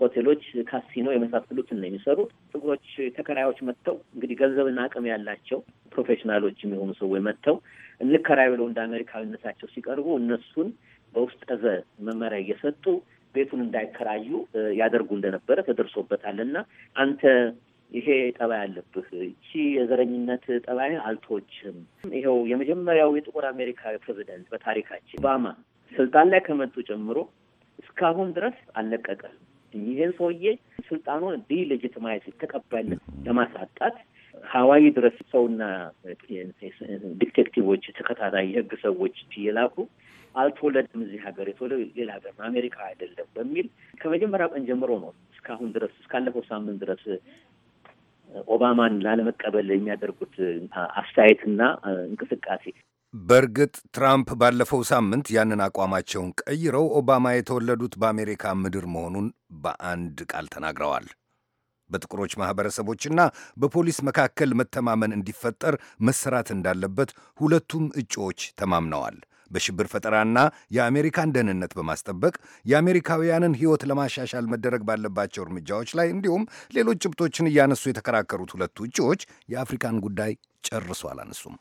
ሆቴሎች፣ ካሲኖ የመሳሰሉትን ነው የሚሰሩት። ጥቁሮች ተከራዮች መጥተው እንግዲህ ገንዘብና አቅም ያላቸው ፕሮፌሽናሎች የሚሆኑ ሰዎች መጥተው እንከራይ ብለው እንደ አሜሪካዊነታቸው ሲቀርቡ እነሱን በውስጥ ጠዘ መመሪያ እየሰጡ ቤቱን እንዳይከራዩ ያደርጉ እንደነበረ ተደርሶበታል። እና አንተ ይሄ ጠባይ አለብህ፣ እቺ የዘረኝነት ጠባይ አልቶችም። ይኸው የመጀመሪያው የጥቁር አሜሪካ ፕሬዚደንት በታሪካችን ኦባማ ስልጣን ላይ ከመጡ ጀምሮ እስካሁን ድረስ አልለቀቀም። ይህን ሰውዬ ስልጣኑን ዲሌጅትማይዝ ተቀባይነት ለማሳጣት ሀዋይ ድረስ ሰውና ዲቴክቲቮች ተከታታይ የህግ ሰዎች እየላኩ አልተወለድም እዚህ ሀገር የተወለደ ሌላ ሀገር አሜሪካ አይደለም በሚል ከመጀመሪያ ቀን ጀምሮ ነው እስካሁን ድረስ እስካለፈው ሳምንት ድረስ ኦባማን ላለመቀበል የሚያደርጉት አስተያየትና እንቅስቃሴ። በእርግጥ ትራምፕ ባለፈው ሳምንት ያንን አቋማቸውን ቀይረው ኦባማ የተወለዱት በአሜሪካ ምድር መሆኑን በአንድ ቃል ተናግረዋል። በጥቁሮች ማኅበረሰቦችና በፖሊስ መካከል መተማመን እንዲፈጠር መሰራት እንዳለበት ሁለቱም እጩዎች ተማምነዋል። በሽብር ፈጠራና የአሜሪካን ደህንነት በማስጠበቅ የአሜሪካውያንን ሕይወት ለማሻሻል መደረግ ባለባቸው እርምጃዎች ላይ እንዲሁም ሌሎች ጭብጦችን እያነሱ የተከራከሩት ሁለቱ እጩዎች የአፍሪካን ጉዳይ ጨርሶ አላነሱም።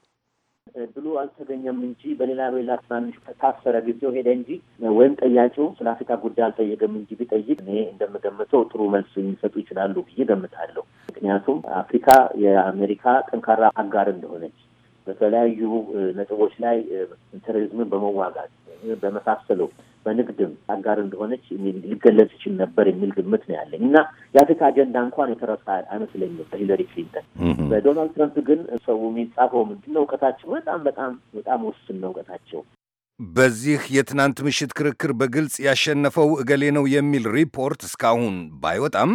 ብሉ አልተገኘም እንጂ በሌላ በሌላ ትናንሽ ከታሰረ ጊዜው ሄደ እንጂ ወይም ጠያቂው ስለ አፍሪካ ጉዳይ አልጠየቅም እንጂ ቢጠይቅ እኔ እንደምገምተው ጥሩ መልስ የሚሰጡ ይችላሉ ብዬ ገምታለሁ። ምክንያቱም አፍሪካ የአሜሪካ ጠንካራ አጋር እንደሆነች በተለያዩ ነጥቦች ላይ ቴሮሪዝምን በመዋጋት በመሳሰለው በንግድም አጋር እንደሆነች ሊገለጽ ይችል ነበር የሚል ግምት ነው ያለኝ እና የአፍሪካ አጀንዳ እንኳን የተረሳ አይመስለኝም በሂለሪ ክሊንተን። በዶናልድ ትረምፕ ግን ሰው የሚጻፈው ምንድን ነው? እውቀታቸው በጣም በጣም በጣም ውስን ነው እውቀታቸው በዚህ የትናንት ምሽት ክርክር በግልጽ ያሸነፈው እገሌ ነው የሚል ሪፖርት እስካሁን ባይወጣም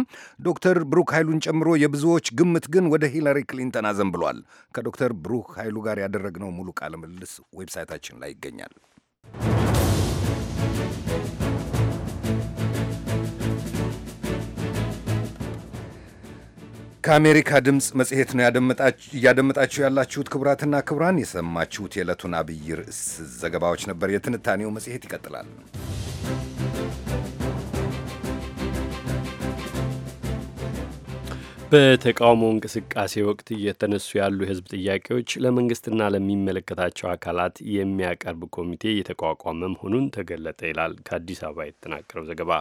ዶክተር ብሩክ ኃይሉን ጨምሮ የብዙዎች ግምት ግን ወደ ሂላሪ ክሊንተን አዘንብሏል። ከዶክተር ብሩክ ኃይሉ ጋር ያደረግነው ሙሉ ቃለ ምልልስ ዌብሳይታችን ላይ ይገኛል። ከአሜሪካ ድምፅ መጽሔት ነው እያደመጣችሁ ያላችሁት። ክቡራትና ክቡራን የሰማችሁት የዕለቱን አብይ ርዕስ ዘገባዎች ነበር። የትንታኔው መጽሔት ይቀጥላል። በተቃውሞ እንቅስቃሴ ወቅት እየተነሱ ያሉ የሕዝብ ጥያቄዎች ለመንግስትና ለሚመለከታቸው አካላት የሚያቀርብ ኮሚቴ እየተቋቋመ መሆኑን ተገለጠ ይላል ከአዲስ አበባ የተጠናቀረው ዘገባ።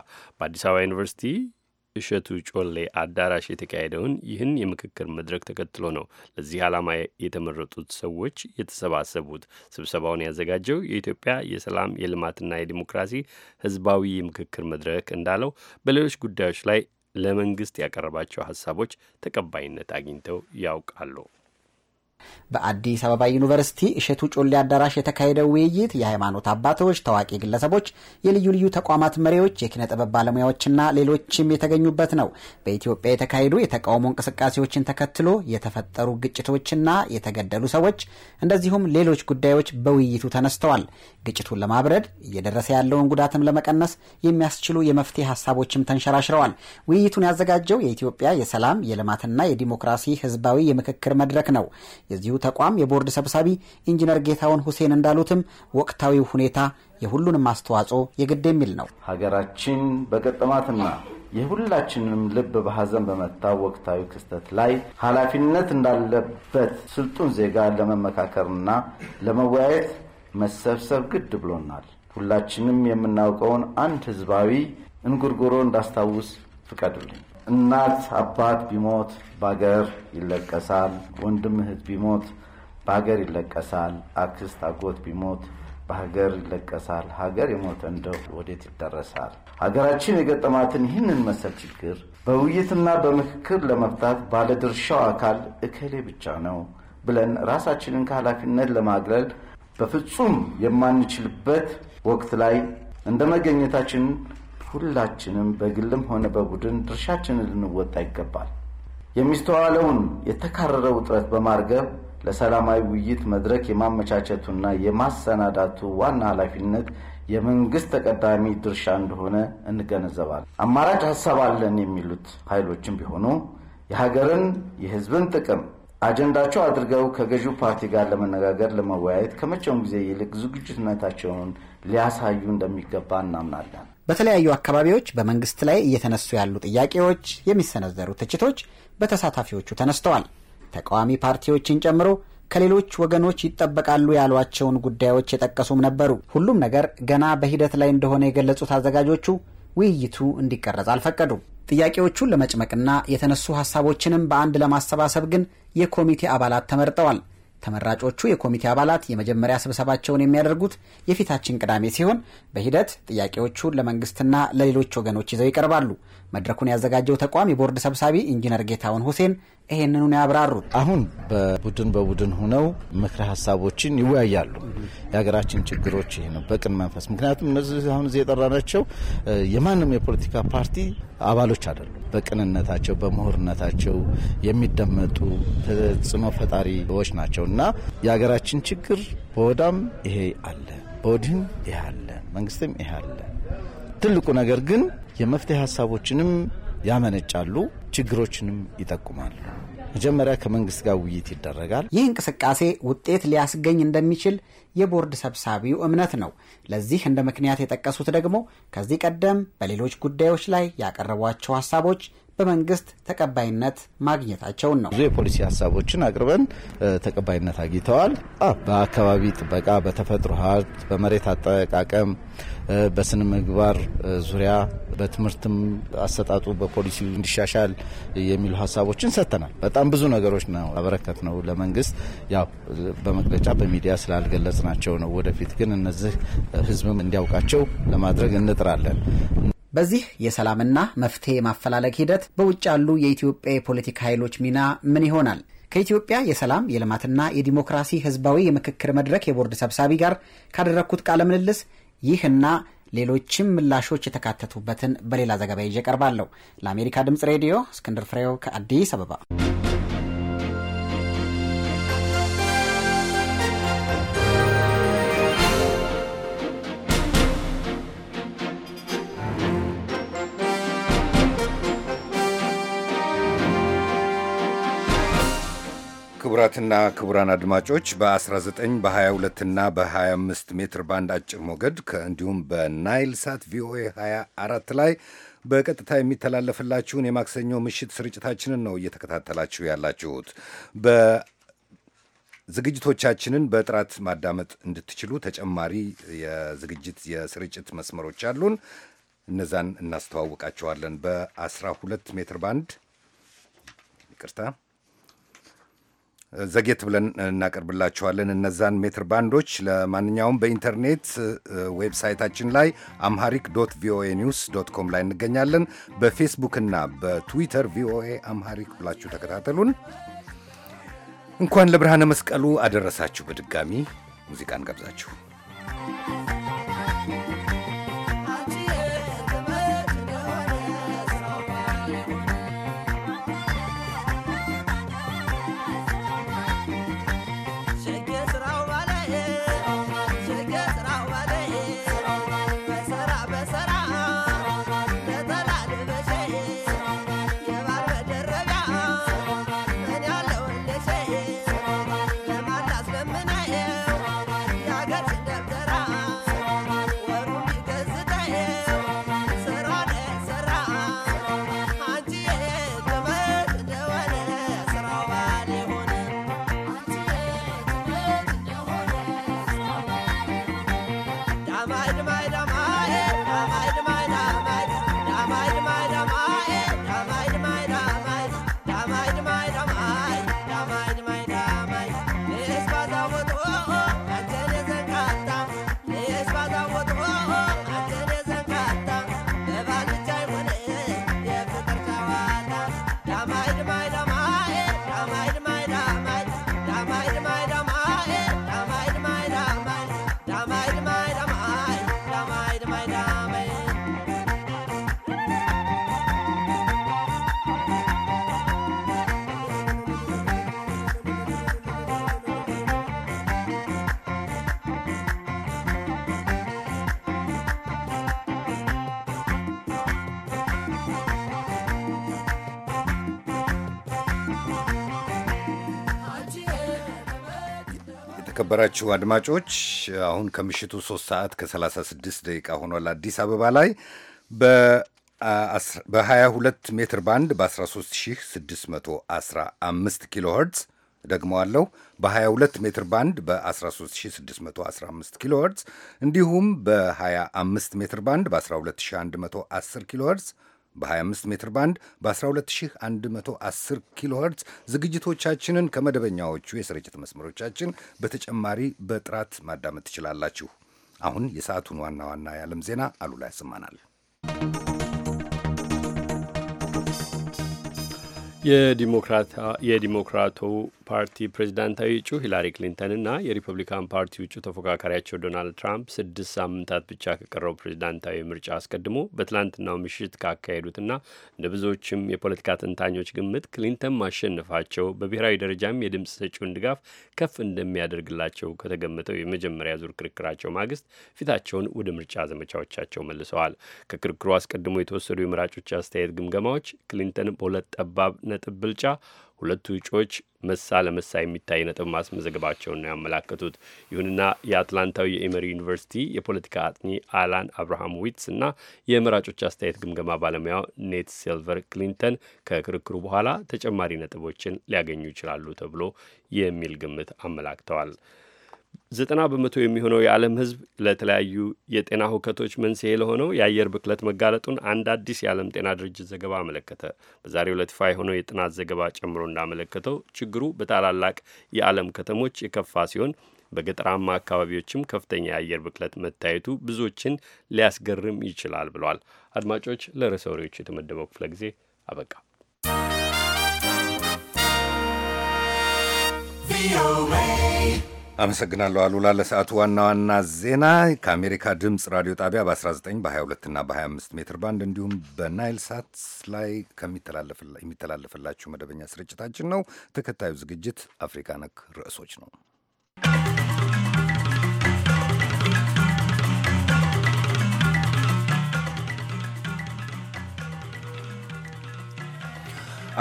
በአዲስ አበባ ዩኒቨርሲቲ እሸቱ ጮሌ አዳራሽ የተካሄደውን ይህን የምክክር መድረክ ተከትሎ ነው ለዚህ ዓላማ የተመረጡት ሰዎች የተሰባሰቡት። ስብሰባውን ያዘጋጀው የኢትዮጵያ የሰላም የልማትና የዲሞክራሲ ህዝባዊ የምክክር መድረክ እንዳለው በሌሎች ጉዳዮች ላይ ለመንግስት ያቀረባቸው ሀሳቦች ተቀባይነት አግኝተው ያውቃሉ። በአዲስ አበባ ዩኒቨርሲቲ እሸቱ ጮሌ አዳራሽ የተካሄደው ውይይት የሃይማኖት አባቶች፣ ታዋቂ ግለሰቦች፣ የልዩ ልዩ ተቋማት መሪዎች፣ የኪነ ጥበብ ባለሙያዎችና ሌሎችም የተገኙበት ነው። በኢትዮጵያ የተካሄዱ የተቃውሞ እንቅስቃሴዎችን ተከትሎ የተፈጠሩ ግጭቶችና የተገደሉ ሰዎች እንደዚሁም ሌሎች ጉዳዮች በውይይቱ ተነስተዋል። ግጭቱን ለማብረድ እየደረሰ ያለውን ጉዳትም ለመቀነስ የሚያስችሉ የመፍትሄ ሀሳቦችም ተንሸራሽረዋል። ውይይቱን ያዘጋጀው የኢትዮጵያ የሰላም የልማትና የዲሞክራሲ ህዝባዊ የምክክር መድረክ ነው። የዚሁ ተቋም የቦርድ ሰብሳቢ ኢንጂነር ጌታውን ሁሴን እንዳሉትም ወቅታዊው ሁኔታ የሁሉንም አስተዋጽኦ የግድ የሚል ነው። ሀገራችን በገጠማትና የሁላችንም ልብ በሐዘን በመታው ወቅታዊ ክስተት ላይ ኃላፊነት እንዳለበት ስልጡን ዜጋ ለመመካከርና ለመወያየት መሰብሰብ ግድ ብሎናል። ሁላችንም የምናውቀውን አንድ ህዝባዊ እንጉርጉሮ እንዳስታውስ ፍቀዱልኝ። እናት አባት ቢሞት በአገር ይለቀሳል። ወንድም እህት ቢሞት በሀገር ይለቀሳል። አክስት አጎት ቢሞት በሀገር ይለቀሳል። ሀገር የሞተ እንደው ወዴት ይደረሳል? ሀገራችን የገጠማትን ይህንን መሰል ችግር በውይይትና በምክክር ለመፍታት ባለድርሻው አካል እከሌ ብቻ ነው ብለን ራሳችንን ከኃላፊነት ለማግለል በፍጹም የማንችልበት ወቅት ላይ እንደ መገኘታችን ሁላችንም በግልም ሆነ በቡድን ድርሻችንን ልንወጣ ይገባል። የሚስተዋለውን የተካረረ ውጥረት በማርገብ ለሰላማዊ ውይይት መድረክ የማመቻቸቱና የማሰናዳቱ ዋና ኃላፊነት የመንግስት ተቀዳሚ ድርሻ እንደሆነ እንገነዘባለን። አማራጭ ሀሳብ አለን የሚሉት ኃይሎችም ቢሆኑ የሀገርን የሕዝብን ጥቅም አጀንዳቸው አድርገው ከገዢው ፓርቲ ጋር ለመነጋገር ለመወያየት ከመቼውም ጊዜ ይልቅ ዝግጅትነታቸውን ሊያሳዩ እንደሚገባ እናምናለን። በተለያዩ አካባቢዎች በመንግስት ላይ እየተነሱ ያሉ ጥያቄዎች፣ የሚሰነዘሩ ትችቶች በተሳታፊዎቹ ተነስተዋል። ተቃዋሚ ፓርቲዎችን ጨምሮ ከሌሎች ወገኖች ይጠበቃሉ ያሏቸውን ጉዳዮች የጠቀሱም ነበሩ። ሁሉም ነገር ገና በሂደት ላይ እንደሆነ የገለጹት አዘጋጆቹ ውይይቱ እንዲቀረጽ አልፈቀዱም። ጥያቄዎቹን ለመጭመቅና የተነሱ ሀሳቦችንም በአንድ ለማሰባሰብ ግን የኮሚቴ አባላት ተመርጠዋል። ተመራጮቹ የኮሚቴ አባላት የመጀመሪያ ስብሰባቸውን የሚያደርጉት የፊታችን ቅዳሜ ሲሆን በሂደት ጥያቄዎቹን ለመንግስትና ለሌሎች ወገኖች ይዘው ይቀርባሉ። መድረኩን ያዘጋጀው ተቋም የቦርድ ሰብሳቢ ኢንጂነር ጌታውን ሁሴን ይህንኑን ያብራሩት አሁን በቡድን በቡድን ሆነው ምክረ ሀሳቦችን ይወያያሉ። የሀገራችን ችግሮች ይህ ነው በቅን መንፈስ ምክንያቱም እነዚህ አሁን እዚህ የጠራናቸው የማንም የፖለቲካ ፓርቲ አባሎች አይደሉም። በቅንነታቸው በምሁርነታቸው የሚደመጡ ተጽዕኖ ፈጣሪዎች ናቸው እና የሀገራችን ችግር በወዳም ይሄ አለ፣ በወዲህም ይሄ አለ፣ መንግስትም ይሄ አለ። ትልቁ ነገር ግን የመፍትሄ ሀሳቦችንም ያመነጫሉ፣ ችግሮችንም ይጠቁማሉ። መጀመሪያ ከመንግስት ጋር ውይይት ይደረጋል። ይህ እንቅስቃሴ ውጤት ሊያስገኝ እንደሚችል የቦርድ ሰብሳቢው እምነት ነው። ለዚህ እንደ ምክንያት የጠቀሱት ደግሞ ከዚህ ቀደም በሌሎች ጉዳዮች ላይ ያቀረቧቸው ሀሳቦች በመንግስት ተቀባይነት ማግኘታቸውን ነው። ብዙ የፖሊሲ ሀሳቦችን አቅርበን ተቀባይነት አግኝተዋል። በአካባቢ ጥበቃ፣ በተፈጥሮ ሀብት፣ በመሬት አጠቃቀም፣ በስነ ምግባር ዙሪያ፣ በትምህርትም አሰጣጡ በፖሊሲ እንዲሻሻል የሚሉ ሀሳቦችን ሰጥተናል። በጣም ብዙ ነገሮች ነው አበረከት ነው ለመንግስት ያው በመግለጫ በሚዲያ ስላልገለጽ ናቸው ነው። ወደፊት ግን እነዚህ ህዝብም እንዲያውቃቸው ለማድረግ እንጥራለን። በዚህ የሰላምና መፍትሄ ማፈላለግ ሂደት በውጭ ያሉ የኢትዮጵያ የፖለቲካ ኃይሎች ሚና ምን ይሆናል? ከኢትዮጵያ የሰላም የልማትና የዲሞክራሲ ህዝባዊ የምክክር መድረክ የቦርድ ሰብሳቢ ጋር ካደረግኩት ቃለ ምልልስ ይህና ሌሎችም ምላሾች የተካተቱበትን በሌላ ዘገባ ይዤ ቀርባለሁ። ለአሜሪካ ድምፅ ሬዲዮ እስክንድር ፍሬው ከአዲስ አበባ ክቡራትና ክቡራን አድማጮች በ19 በ22 እና በ25 ሜትር ባንድ አጭር ሞገድ እንዲሁም በናይል ሳት ቪኦኤ 24 ላይ በቀጥታ የሚተላለፍላችሁን የማክሰኞ ምሽት ስርጭታችንን ነው እየተከታተላችሁ ያላችሁት። ዝግጅቶቻችንን በጥራት ማዳመጥ እንድትችሉ ተጨማሪ የዝግጅት የስርጭት መስመሮች አሉን። እነዛን እናስተዋውቃቸዋለን በ በ12 ሜትር ባንድ ይቅርታ ዘጌት ብለን እናቀርብላችኋለን እነዛን ሜትር ባንዶች። ለማንኛውም በኢንተርኔት ዌብሳይታችን ላይ አምሃሪክ ዶት ቪኦኤ ኒውስ ዶት ኮም ላይ እንገኛለን። በፌስቡክና በትዊተር ቪኦኤ አምሃሪክ ብላችሁ ተከታተሉን። እንኳን ለብርሃነ መስቀሉ አደረሳችሁ። በድጋሚ ሙዚቃን ገብዛችሁ የተከበራችሁ አድማጮች አሁን ከምሽቱ 3 ሰዓት ከ36 ደቂቃ ሆኗል። አዲስ አበባ ላይ በ22 ሜትር ባንድ በ13615 ኪሎ ኸርትዝ ደግመዋለሁ በ22 ሜትር ባንድ በ13615 ኪሎ ኸርትዝ እንዲሁም በ25 ሜትር ባንድ በ12110 ኪሎ ኸርትዝ በ25 ሜትር ባንድ በ12110 ኪሎ ኸርትዝ ዝግጅቶቻችንን ከመደበኛዎቹ የስርጭት መስመሮቻችን በተጨማሪ በጥራት ማዳመጥ ትችላላችሁ። አሁን የሰዓቱን ዋና ዋና የዓለም ዜና አሉላ ያሰማናል። የዲሞክራቱ ፓርቲ ፕሬዚዳንታዊ እጩ ሂላሪ ክሊንተን የሪፐብሊካን ፓርቲ እጩ ተፎካካሪያቸው ዶናልድ ትራምፕ ስድስት ሳምንታት ብቻ ከቀረው ፕሬዚዳንታዊ ምርጫ አስቀድሞ በትላንትናው ምሽት ካካሄዱትና እንደ ብዙዎችም የፖለቲካ ተንታኞች ግምት ክሊንተን ማሸነፋቸው በብሔራዊ ደረጃም የድምፅ ሰጪውን ድጋፍ ከፍ እንደሚያደርግላቸው ከተገመተው የመጀመሪያ ዙር ክርክራቸው ማግስት ፊታቸውን ወደ ምርጫ ዘመቻዎቻቸው መልሰዋል። ከክርክሩ አስቀድሞ የተወሰዱ የመራጮች አስተያየት ግምገማዎች ክሊንተን በሁለት ጠባብ ነጥብ ብልጫ ሁለቱ እጩዎች መሳ ለመሳ የሚታይ ነጥብ ማስመዘገባቸውን ነው ያመላከቱት። ይሁንና የአትላንታዊ የኤመሪ ዩኒቨርሲቲ የፖለቲካ አጥኚ አላን አብርሃም ዊትስ እና የመራጮች አስተያየት ግምገማ ባለሙያው ኔት ሲልቨር ክሊንተን ከክርክሩ በኋላ ተጨማሪ ነጥቦችን ሊያገኙ ይችላሉ ተብሎ የሚል ግምት አመላክተዋል። ዘጠና በመቶ የሚሆነው የዓለም ሕዝብ ለተለያዩ የጤና ሁከቶች መንስኤ ለሆነው የአየር ብክለት መጋለጡን አንድ አዲስ የዓለም ጤና ድርጅት ዘገባ አመለከተ። በዛሬው ዕለት ይፋ የሆነው የጥናት ዘገባ ጨምሮ እንዳመለከተው ችግሩ በታላላቅ የዓለም ከተሞች የከፋ ሲሆን በገጠራማ አካባቢዎችም ከፍተኛ የአየር ብክለት መታየቱ ብዙዎችን ሊያስገርም ይችላል ብሏል። አድማጮች፣ ለርዕሰ ወሬዎች የተመደበው ክፍለ ጊዜ አበቃ። ቪኦኤ አመሰግናለሁ አሉላ። ለሰዓቱ ዋና ዋና ዜና ከአሜሪካ ድምፅ ራዲዮ ጣቢያ በ19 በ22 እና በ25 ሜትር ባንድ እንዲሁም በናይል ሳት ላይ የሚተላለፍላችሁ መደበኛ ስርጭታችን ነው። ተከታዩ ዝግጅት አፍሪካ ነክ ርዕሶች ነው።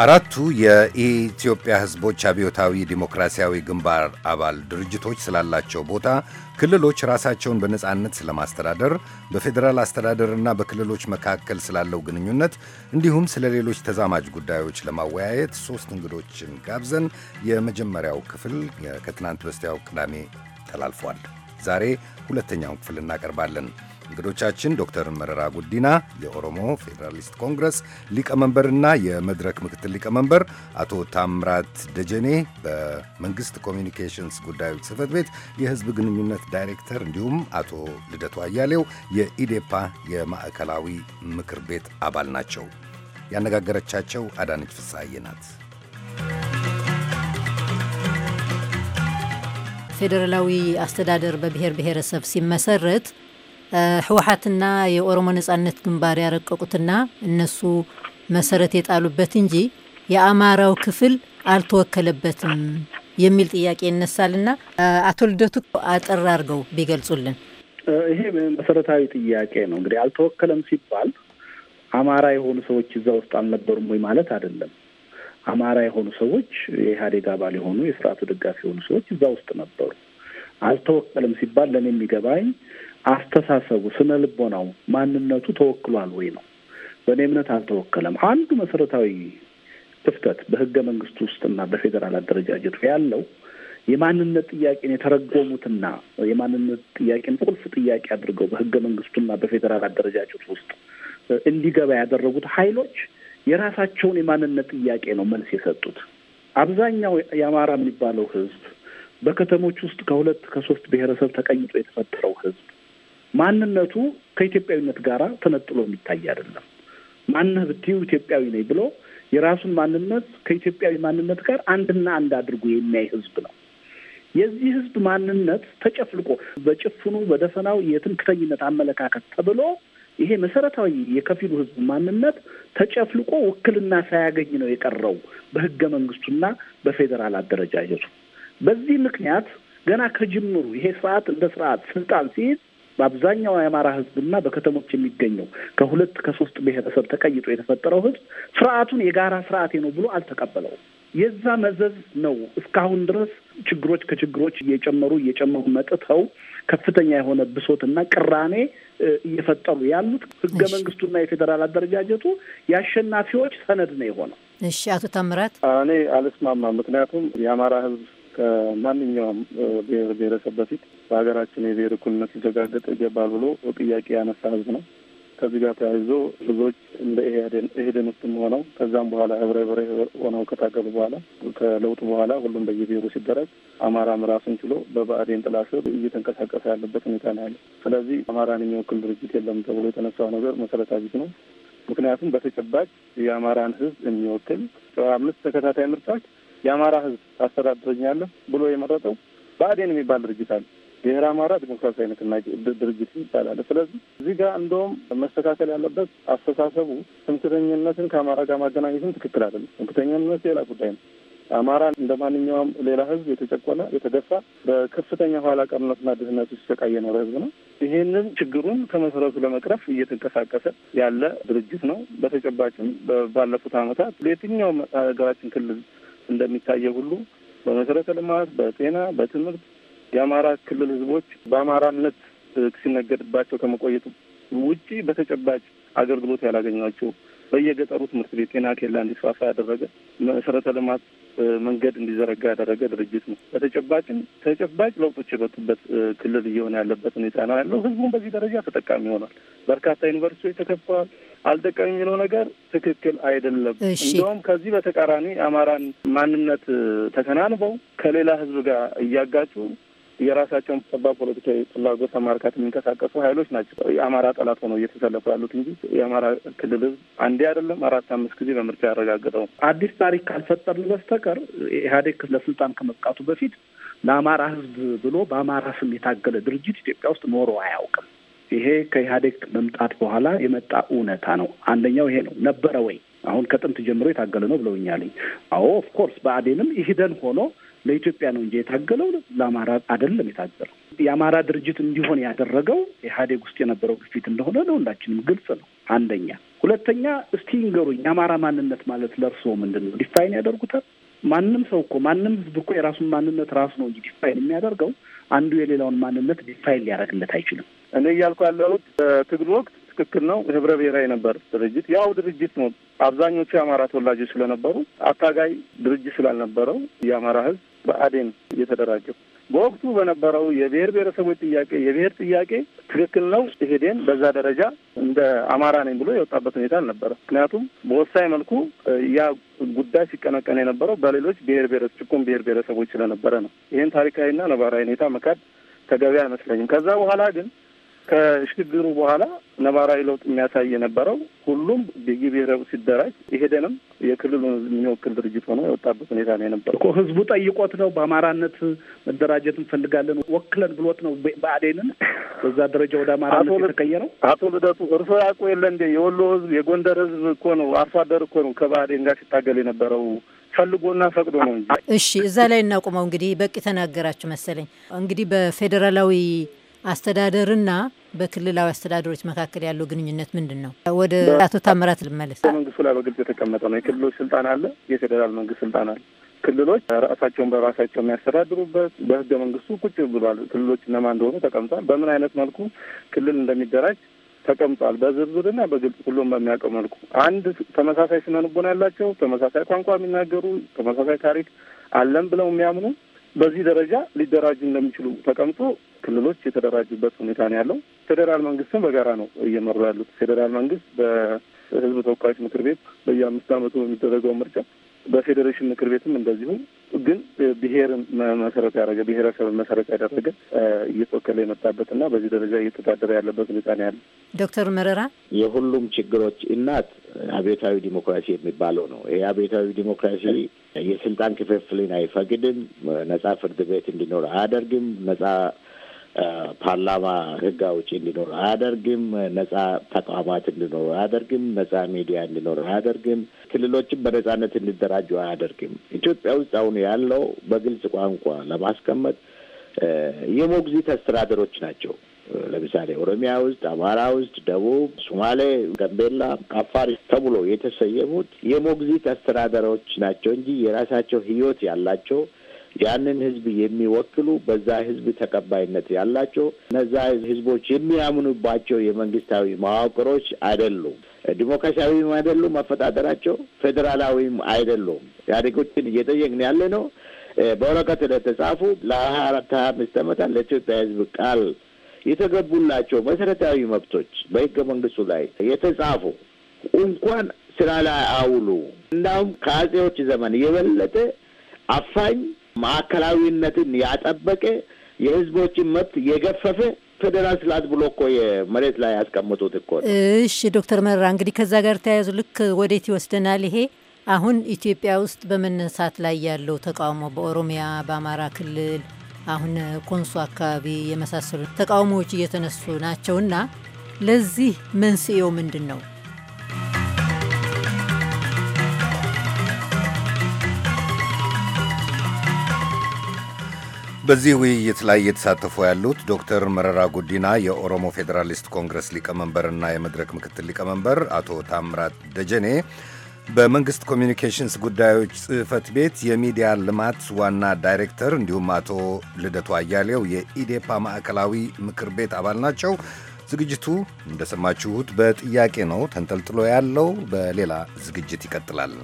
አራቱ የኢትዮጵያ ሕዝቦች አብዮታዊ ዲሞክራሲያዊ ግንባር አባል ድርጅቶች ስላላቸው ቦታ ክልሎች ራሳቸውን በነጻነት ስለማስተዳደር በፌዴራል አስተዳደርና በክልሎች መካከል ስላለው ግንኙነት እንዲሁም ስለ ሌሎች ተዛማጅ ጉዳዮች ለማወያየት ሶስት እንግዶችን ጋብዘን የመጀመሪያው ክፍል ከትናንት በስቲያው ቅዳሜ ተላልፏል። ዛሬ ሁለተኛውን ክፍል እናቀርባለን። እንግዶቻችን ዶክተር መረራ ጉዲና የኦሮሞ ፌዴራሊስት ኮንግረስ ሊቀመንበርና የመድረክ ምክትል ሊቀመንበር፣ አቶ ታምራት ደጀኔ በመንግስት ኮሚኒኬሽንስ ጉዳዮች ጽህፈት ቤት የህዝብ ግንኙነት ዳይሬክተር፣ እንዲሁም አቶ ልደቱ አያሌው የኢዴፓ የማዕከላዊ ምክር ቤት አባል ናቸው። ያነጋገረቻቸው አዳነች ፍሳዬ ናት። ፌዴራላዊ አስተዳደር በብሔር ብሔረሰብ ሲመሰረት ህወሓትና የኦሮሞ ነጻነት ግንባር ያረቀቁትና እነሱ መሰረት የጣሉበት እንጂ የአማራው ክፍል አልተወከለበትም የሚል ጥያቄ ይነሳልና አቶ ልደቱ አጠር አድርገው ቢገልጹልን። ይሄ መሰረታዊ ጥያቄ ነው። እንግዲህ አልተወከለም ሲባል አማራ የሆኑ ሰዎች እዛ ውስጥ አልነበሩም ወይ ማለት አይደለም። አማራ የሆኑ ሰዎች የኢህአዴግ አባል የሆኑ የስርዓቱ ደጋፊ የሆኑ ሰዎች እዛ ውስጥ ነበሩ። አልተወከለም ሲባል ለእኔ የሚገባኝ አስተሳሰቡ፣ ስነ ልቦናው፣ ማንነቱ ተወክሏል ወይ ነው። በእኔ እምነት አልተወከለም። አንዱ መሰረታዊ ክፍተት በህገ መንግስት ውስጥና በፌዴራል አደረጃጀት ያለው የማንነት ጥያቄን የተረጎሙትና የማንነት ጥያቄን ቁልፍ ጥያቄ አድርገው በህገ መንግስቱና በፌዴራል አደረጃጀት ውስጥ እንዲገባ ያደረጉት ኃይሎች የራሳቸውን የማንነት ጥያቄ ነው መልስ የሰጡት። አብዛኛው የአማራ የሚባለው ህዝብ በከተሞች ውስጥ ከሁለት ከሶስት ብሔረሰብ ተቀይጦ የተፈጠረው ህዝብ ማንነቱ ከኢትዮጵያዊነት ጋር ተነጥሎ የሚታይ አይደለም። ማንህ ብትይው ኢትዮጵያዊ ነኝ ብሎ የራሱን ማንነት ከኢትዮጵያዊ ማንነት ጋር አንድና አንድ አድርጎ የሚያይ ህዝብ ነው። የዚህ ህዝብ ማንነት ተጨፍልቆ በጭፍኑ በደፈናው የትምክተኝነት አመለካከት ተብሎ ይሄ መሰረታዊ የከፊሉ ህዝብ ማንነት ተጨፍልቆ ውክልና ሳያገኝ ነው የቀረው በህገ መንግስቱና በፌዴራል አደረጃጀቱ። በዚህ ምክንያት ገና ከጅምሩ ይሄ ስርዓት እንደ ስርዓት ስልጣን ሲይዝ በአብዛኛው የአማራ ህዝብና በከተሞች የሚገኘው ከሁለት ከሶስት ብሔረሰብ ተቀይጦ የተፈጠረው ህዝብ ስርዓቱን የጋራ ስርዓቴ ነው ብሎ አልተቀበለውም። የዛ መዘዝ ነው እስካሁን ድረስ ችግሮች ከችግሮች እየጨመሩ እየጨመሩ መጥተው ከፍተኛ የሆነ ብሶትና ቅራኔ እየፈጠሩ ያሉት። ህገ መንግስቱና የፌዴራል አደረጃጀቱ የአሸናፊዎች ሰነድ ነው የሆነው። እሺ፣ አቶ ተምረት እኔ አልስማማ። ምክንያቱም የአማራ ህዝብ ከማንኛውም ብሔር ብሔረሰብ በፊት በሀገራችን የብሔር እኩልነት ሊረጋገጥ ይገባል ብሎ ጥያቄ ያነሳ ህዝብ ነው። ከዚህ ጋር ተያይዞ ብዙዎች እንደ ኢህዴን ውስጥም ሆነው ከዛም በኋላ ህብረ ብረ ሆነው ከታገሉ በኋላ ከለውጡ በኋላ ሁሉም በየብሔሩ ሲደረግ አማራም ራሱን ችሎ በብአዴን ጥላ ስር እየተንቀሳቀሰ ያለበት ሁኔታ ነው ያለ። ስለዚህ አማራን የሚወክል ድርጅት የለም ተብሎ የተነሳው ነገር መሰረታዊ ቢስ ነው። ምክንያቱም በተጨባጭ የአማራን ህዝብ የሚወክል አምስት ተከታታይ ምርጫዎች የአማራ ህዝብ ታስተዳድረኛለህ ብሎ የመረጠው ብአዴን የሚባል ድርጅት አለ። ብሔረ አማራ ዲሞክራሲያዊ ንቅናቄ ድርጅት ይባላል። ስለዚህ እዚህ ጋር እንደውም መስተካከል ያለበት አስተሳሰቡ ትምክተኝነትን ከአማራ ጋር ማገናኘትን ትክክል አይደለም። ትምክተኝነት ሌላ ጉዳይ ነው። አማራ እንደ ማንኛውም ሌላ ህዝብ የተጨቆነ የተገፋ በከፍተኛ ኋላ ቀርነትና ድህነት ውስጥ የኖረ ህዝብ ነው። ይህንን ችግሩን ከመሰረቱ ለመቅረፍ እየተንቀሳቀሰ ያለ ድርጅት ነው። በተጨባጭም ባለፉት ዓመታት ለየትኛውም ሀገራችን ክልል እንደሚታየው ሁሉ በመሰረተ ልማት፣ በጤና፣ በትምህርት የአማራ ክልል ህዝቦች በአማራነት ሲነገድባቸው ከመቆየቱ ውጪ በተጨባጭ አገልግሎት ያላገኟቸው በየገጠሩ ትምህርት ቤት፣ ጤና ኬላ እንዲስፋፋ ያደረገ መሰረተ ልማት መንገድ እንዲዘረጋ ያደረገ ድርጅት ነው። በተጨባጭም ተጨባጭ ለውጦች የመጡበት ክልል እየሆነ ያለበት ሁኔታ ነው ያለው። ህዝቡም በዚህ ደረጃ ተጠቃሚ ይሆናል። በርካታ ዩኒቨርሲቲዎች ተከፍተዋል። አልጠቀም የሚለው ነገር ትክክል አይደለም። እንዲሁም ከዚህ በተቃራኒ አማራን ማንነት ተከናንበው ከሌላ ህዝብ ጋር እያጋጩ የራሳቸውን ጠባብ ፖለቲካዊ ፍላጎት ለማርካት የሚንቀሳቀሱ ሀይሎች ናቸው የአማራ ጠላት ሆነው እየተሰለፉ ያሉት እንጂ የአማራ ክልል ህዝብ አንዴ አይደለም አራት አምስት ጊዜ በምርጫ ያረጋግጠው አዲስ ታሪክ ካልፈጠር በስተቀር ኢህአዴግ ለስልጣን ከመብቃቱ በፊት ለአማራ ህዝብ ብሎ በአማራ ስም የታገለ ድርጅት ኢትዮጵያ ውስጥ ኖሮ አያውቅም። ይሄ ከኢህአዴግ መምጣት በኋላ የመጣ እውነታ ነው። አንደኛው ይሄ ነው። ነበረ ወይ? አሁን ከጥንት ጀምሮ የታገለ ነው ብለውኛል። አዎ ኦፍኮርስ፣ በአዴንም ኢህደን ሆኖ ለኢትዮጵያ ነው እንጂ የታገለው ለአማራ አይደለም የታገለው። የአማራ ድርጅት እንዲሆን ያደረገው ኢህአዴግ ውስጥ የነበረው ግፊት እንደሆነ ለሁላችንም ግልጽ ነው። አንደኛ። ሁለተኛ፣ እስቲ ንገሩኝ፣ የአማራ ማንነት ማለት ለእርስዎ ምንድን ነው? ዲፋይን ያደርጉታል? ማንም ሰው እኮ ማንም ህዝብ እኮ የራሱን ማንነት ራሱ ነው እንጂ ዲፋይን የሚያደርገው አንዱ የሌላውን ማንነት ዲፋይን ሊያደርግለት አይችልም። እኔ እያልኩ ያለሁት ትግል ወቅት ትክክል ነው። ህብረ ብሔራዊ ነበር ድርጅት ያው ድርጅት ነው አብዛኞቹ የአማራ ተወላጆች ስለነበሩ አታጋይ ድርጅት ስላልነበረው የአማራ ህዝብ በአዴን እየተደራጀው በወቅቱ በነበረው የብሔር ብሔረሰቦች ጥያቄ የብሔር ጥያቄ ትክክል ነው። ኢህዴን በዛ ደረጃ እንደ አማራ ነኝ ብሎ የወጣበት ሁኔታ አልነበረ። ምክንያቱም በወሳኝ መልኩ ያ ጉዳይ ሲቀነቀን የነበረው በሌሎች ብሔር ብሔረ ጭቁም ብሔር ብሔረሰቦች ስለነበረ ነው። ይህን ታሪካዊና ነባራዊ ሁኔታ መካድ ተገቢ አይመስለኝም። ከዛ በኋላ ግን ከሽግግሩ በኋላ ነባራዊ ለውጥ የሚያሳይ የነበረው ሁሉም ብሔረሰቡ ሲደራጅ ይሄደንም የክልሉን ሕዝብ የሚወክል ድርጅት ሆኖ የወጣበት ሁኔታ ነው የነበረው። ህዝቡ ጠይቆት ነው። በአማራነት መደራጀት እንፈልጋለን ወክለን ብሎት ነው። በአዴንን በዛ ደረጃ ወደ አማራነት የተቀየረው። አቶ ልደቱ እርሶ ያውቁ የለ እንዴ? የወሎ ህዝብ የጎንደር ህዝብ እኮ ነው አርሶ አደር እኮ ነው ከባአዴን ጋር ሲታገል የነበረው ፈልጎና ፈቅዶ ነው እንጂ። እሺ፣ እዛ ላይ እናቁመው እንግዲህ። በቂ ተናገራችሁ መሰለኝ። እንግዲህ በፌዴራላዊ አስተዳደርና በክልላዊ አስተዳደሮች መካከል ያለው ግንኙነት ምንድን ነው? ወደ አቶ ታምራት ልመለስ። መንግስቱ ላይ በግልጽ የተቀመጠ ነው። የክልሎች ስልጣን አለ፣ የፌዴራል መንግስት ስልጣን አለ። ክልሎች ራሳቸውን በራሳቸው የሚያስተዳድሩበት በህገ መንግስቱ ቁጭ ብሏል። ክልሎች እነማን እንደሆኑ ተቀምጧል። በምን አይነት መልኩ ክልል እንደሚደራጅ ተቀምጧል። በዝርዝርና በግልጽ ሁሉም በሚያውቀው መልኩ አንድ ተመሳሳይ ስነ ልቦና ያላቸው ተመሳሳይ ቋንቋ የሚናገሩ ተመሳሳይ ታሪክ አለን ብለው የሚያምኑ በዚህ ደረጃ ሊደራጁ እንደሚችሉ ተቀምጦ ክልሎች የተደራጁበት ሁኔታ ነው ያለው። ፌዴራል መንግስትም በጋራ ነው እየመሩ ያሉት። ፌዴራል መንግስት በህዝብ ተወካዮች ምክር ቤት በየአምስት አመቱ የሚደረገው ምርጫ በፌዴሬሽን ምክር ቤትም እንደዚሁ ግን ብሔርን መሰረት ያደረገ ብሔረሰብን መሰረት ያደረገ እየተወከለ የመጣበት እና በዚህ ደረጃ እየተዳደረ ያለበት ሁኔታ ነው ያለ። ዶክተር መረራ የሁሉም ችግሮች እናት አቤታዊ ዲሞክራሲ የሚባለው ነው። ይሄ አቤታዊ ዲሞክራሲ የስልጣን ክፍፍልን አይፈቅድም። ነጻ ፍርድ ቤት እንዲኖር አያደርግም። ነጻ ፓርላማ ህግ አውጪ እንዲኖር አያደርግም። ነጻ ተቋማት እንዲኖሩ አያደርግም። ነጻ ሚዲያ እንዲኖር አያደርግም። ክልሎችም በነጻነት እንዲደራጁ አያደርግም። ኢትዮጵያ ውስጥ አሁን ያለው በግልጽ ቋንቋ ለማስቀመጥ የሞግዚት አስተዳደሮች ናቸው። ለምሳሌ ኦሮሚያ ውስጥ፣ አማራ ውስጥ፣ ደቡብ፣ ሶማሌ፣ ጋምቤላ፣ አፋር ተብሎ የተሰየሙት የሞግዚት አስተዳደሮች ናቸው እንጂ የራሳቸው ህይወት ያላቸው ያንን ህዝብ የሚወክሉ በዛ ህዝብ ተቀባይነት ያላቸው እነዛ ህዝቦች የሚያምኑባቸው የመንግስታዊ መዋቅሮች አይደሉም። ዲሞክራሲያዊም አይደሉም መፈጣጠራቸው፣ ፌዴራላዊም አይደሉም። ኢህአዴጎችን እየጠየቅን ያለ ነው በወረቀት ለተጻፉ ለሀያ አራት ሀያ አምስት ዓመታት ለኢትዮጵያ ህዝብ ቃል የተገቡላቸው መሰረታዊ መብቶች በህገ መንግስቱ ላይ የተጻፉ እንኳን ስራ ላይ አውሉ። እንዳውም ከአጼዎች ዘመን የበለጠ አፋኝ ማዕከላዊነትን ያጠበቀ የህዝቦችን መብት የገፈፈ ፌዴራል ስላት ብሎ እኮ የመሬት ላይ ያስቀምጡት እኮ። እሺ ዶክተር መረራ እንግዲህ ከዛ ጋር ተያያዙ ልክ ወዴት ይወስደናል ይሄ አሁን ኢትዮጵያ ውስጥ በመነሳት ላይ ያለው ተቃውሞ በኦሮሚያ፣ በአማራ ክልል አሁን ኮንሶ አካባቢ የመሳሰሉ ተቃውሞዎች እየተነሱ ናቸውና ለዚህ መንስኤው ምንድን ነው? በዚህ ውይይት ላይ እየተሳተፉ ያሉት ዶክተር መረራ ጉዲና የኦሮሞ ፌዴራሊስት ኮንግረስ ሊቀመንበርና የመድረክ ምክትል ሊቀመንበር፣ አቶ ታምራት ደጀኔ በመንግስት ኮሚኒኬሽንስ ጉዳዮች ጽህፈት ቤት የሚዲያ ልማት ዋና ዳይሬክተር፣ እንዲሁም አቶ ልደቱ አያሌው የኢዴፓ ማዕከላዊ ምክር ቤት አባል ናቸው። ዝግጅቱ እንደሰማችሁት በጥያቄ ነው ተንጠልጥሎ ያለው። በሌላ ዝግጅት ይቀጥላል።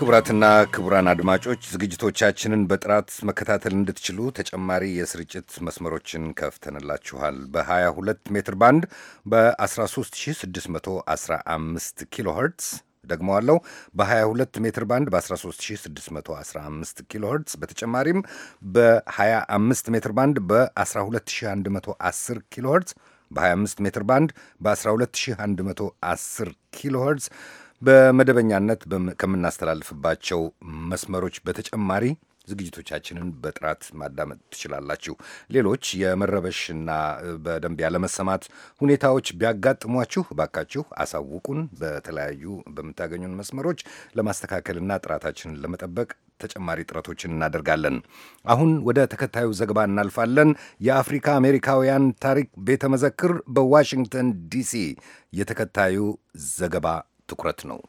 ክቡራትና ክቡራን አድማጮች ዝግጅቶቻችንን በጥራት መከታተል እንድትችሉ ተጨማሪ የስርጭት መስመሮችን ከፍተንላችኋል። በ22 ሜትር ባንድ በ13615 ኪሎ ኸርትዝ ደግመዋለው በ22 ሜትር ባንድ በ13615 ኪሎ ሄርትስ በተጨማሪም በ25 ሜትር ባንድ በ12110 ኪሎ ሄርትስ በ25 ሜትር ባንድ በ12110 ኪሎ ሄርትስ በመደበኛነት ከምናስተላልፍባቸው መስመሮች በተጨማሪ ዝግጅቶቻችንን በጥራት ማዳመጥ ትችላላችሁ። ሌሎች የመረበሽና በደንብ ያለመሰማት ሁኔታዎች ቢያጋጥሟችሁ ባካችሁ አሳውቁን። በተለያዩ በምታገኙን መስመሮች ለማስተካከልና ጥራታችንን ለመጠበቅ ተጨማሪ ጥረቶችን እናደርጋለን። አሁን ወደ ተከታዩ ዘገባ እናልፋለን። የአፍሪካ አሜሪካውያን ታሪክ ቤተ መዘክር በዋሽንግተን ዲሲ የተከታዩ ዘገባ ትኩረት ነው።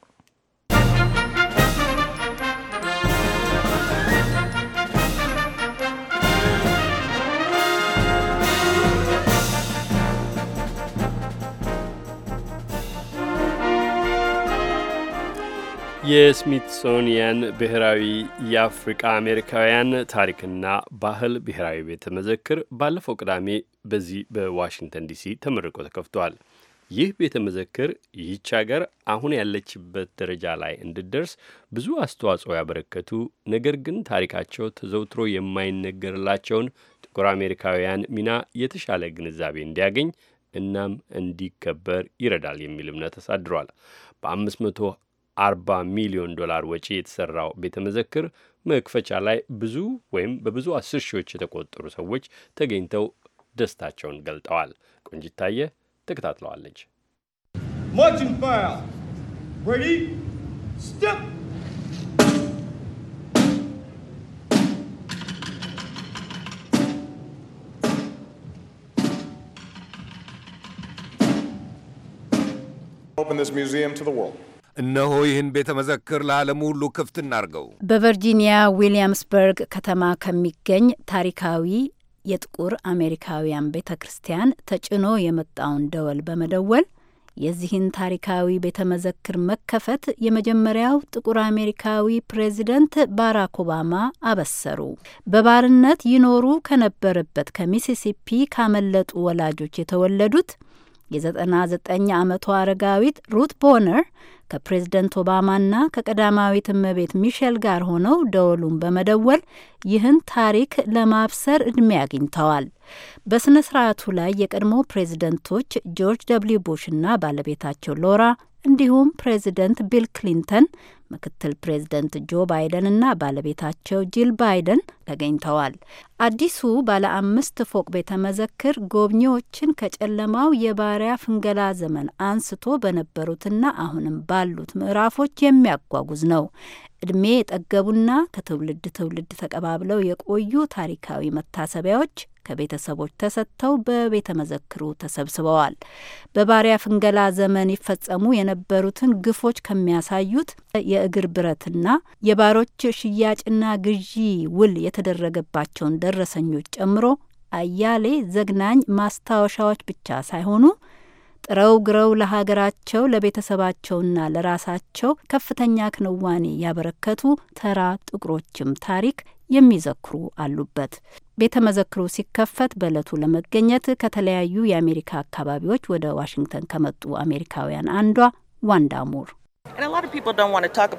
የስሚትሶኒያን ብሔራዊ የአፍሪቃ አሜሪካውያን ታሪክና ባህል ብሔራዊ ቤተ መዘክር ባለፈው ቅዳሜ በዚህ በዋሽንግተን ዲሲ ተመርቆ ተከፍቷል። ይህ ቤተ መዘክር ይህች ሀገር አሁን ያለችበት ደረጃ ላይ እንድደርስ ብዙ አስተዋጽኦ ያበረከቱ ነገር ግን ታሪካቸው ተዘውትሮ የማይነገርላቸውን ጥቁር አሜሪካውያን ሚና የተሻለ ግንዛቤ እንዲያገኝ እናም እንዲከበር ይረዳል የሚል እምነት አሳድሯል። በ540 ሚሊዮን ዶላር ወጪ የተሰራው ቤተ መዘክር መክፈቻ ላይ ብዙ ወይም በብዙ አስር ሺዎች የተቆጠሩ ሰዎች ተገኝተው ደስታቸውን ገልጠዋል። ቆንጅታየ ተከታትለዋለች። እነሆ ይህን ቤተ መዘክር ለዓለም ሁሉ ክፍት እናርገው። በቨርጂኒያ ዊልያምስበርግ ከተማ ከሚገኝ ታሪካዊ የጥቁር አሜሪካውያን ቤተ ክርስቲያን ተጭኖ የመጣውን ደወል በመደወል የዚህን ታሪካዊ ቤተ መዘክር መከፈት የመጀመሪያው ጥቁር አሜሪካዊ ፕሬዚደንት ባራክ ኦባማ አበሰሩ። በባርነት ይኖሩ ከነበረበት ከሚሲሲፒ ካመለጡ ወላጆች የተወለዱት የ99 ዓመቷ አረጋዊት ሩት ቦነር ከፕሬዝደንት ኦባማና ከቀዳማዊት እመቤት ሚሼል ጋር ሆነው ደወሉን በመደወል ይህን ታሪክ ለማብሰር ዕድሜ አግኝተዋል። በሥነ ሥርዓቱ ላይ የቀድሞ ፕሬዝደንቶች ጆርጅ ደብሊው ቡሽ እና ባለቤታቸው ሎራ እንዲሁም ፕሬዚደንት ቢል ክሊንተን፣ ምክትል ፕሬዚደንት ጆ ባይደን እና ባለቤታቸው ጂል ባይደን ተገኝተዋል። አዲሱ ባለ አምስት ፎቅ ቤተ መዘክር ጎብኚዎችን ከጨለማው የባሪያ ፍንገላ ዘመን አንስቶ በነበሩትና አሁንም ባሉት ምዕራፎች የሚያጓጉዝ ነው። ዕድሜ የጠገቡና ከትውልድ ትውልድ ተቀባብለው የቆዩ ታሪካዊ መታሰቢያዎች ከቤተሰቦች ተሰጥተው በቤተ መዘክሩ ተሰብስበዋል። በባሪያ ፍንገላ ዘመን ይፈጸሙ የነበሩትን ግፎች ከሚያሳዩት የእግር ብረትና የባሮች ሽያጭና ግዢ ውል የተደረገባቸውን ደረሰኞች ጨምሮ አያሌ ዘግናኝ ማስታወሻዎች ብቻ ሳይሆኑ ጥረው ግረው ለሀገራቸው ለቤተሰባቸውና ለራሳቸው ከፍተኛ ክንዋኔ ያበረከቱ ተራ ጥቁሮችም ታሪክ የሚዘክሩ አሉበት። ቤተ መዘክሩ ሲከፈት በዕለቱ ለመገኘት ከተለያዩ የአሜሪካ አካባቢዎች ወደ ዋሽንግተን ከመጡ አሜሪካውያን አንዷ ዋንዳ ሙር uh,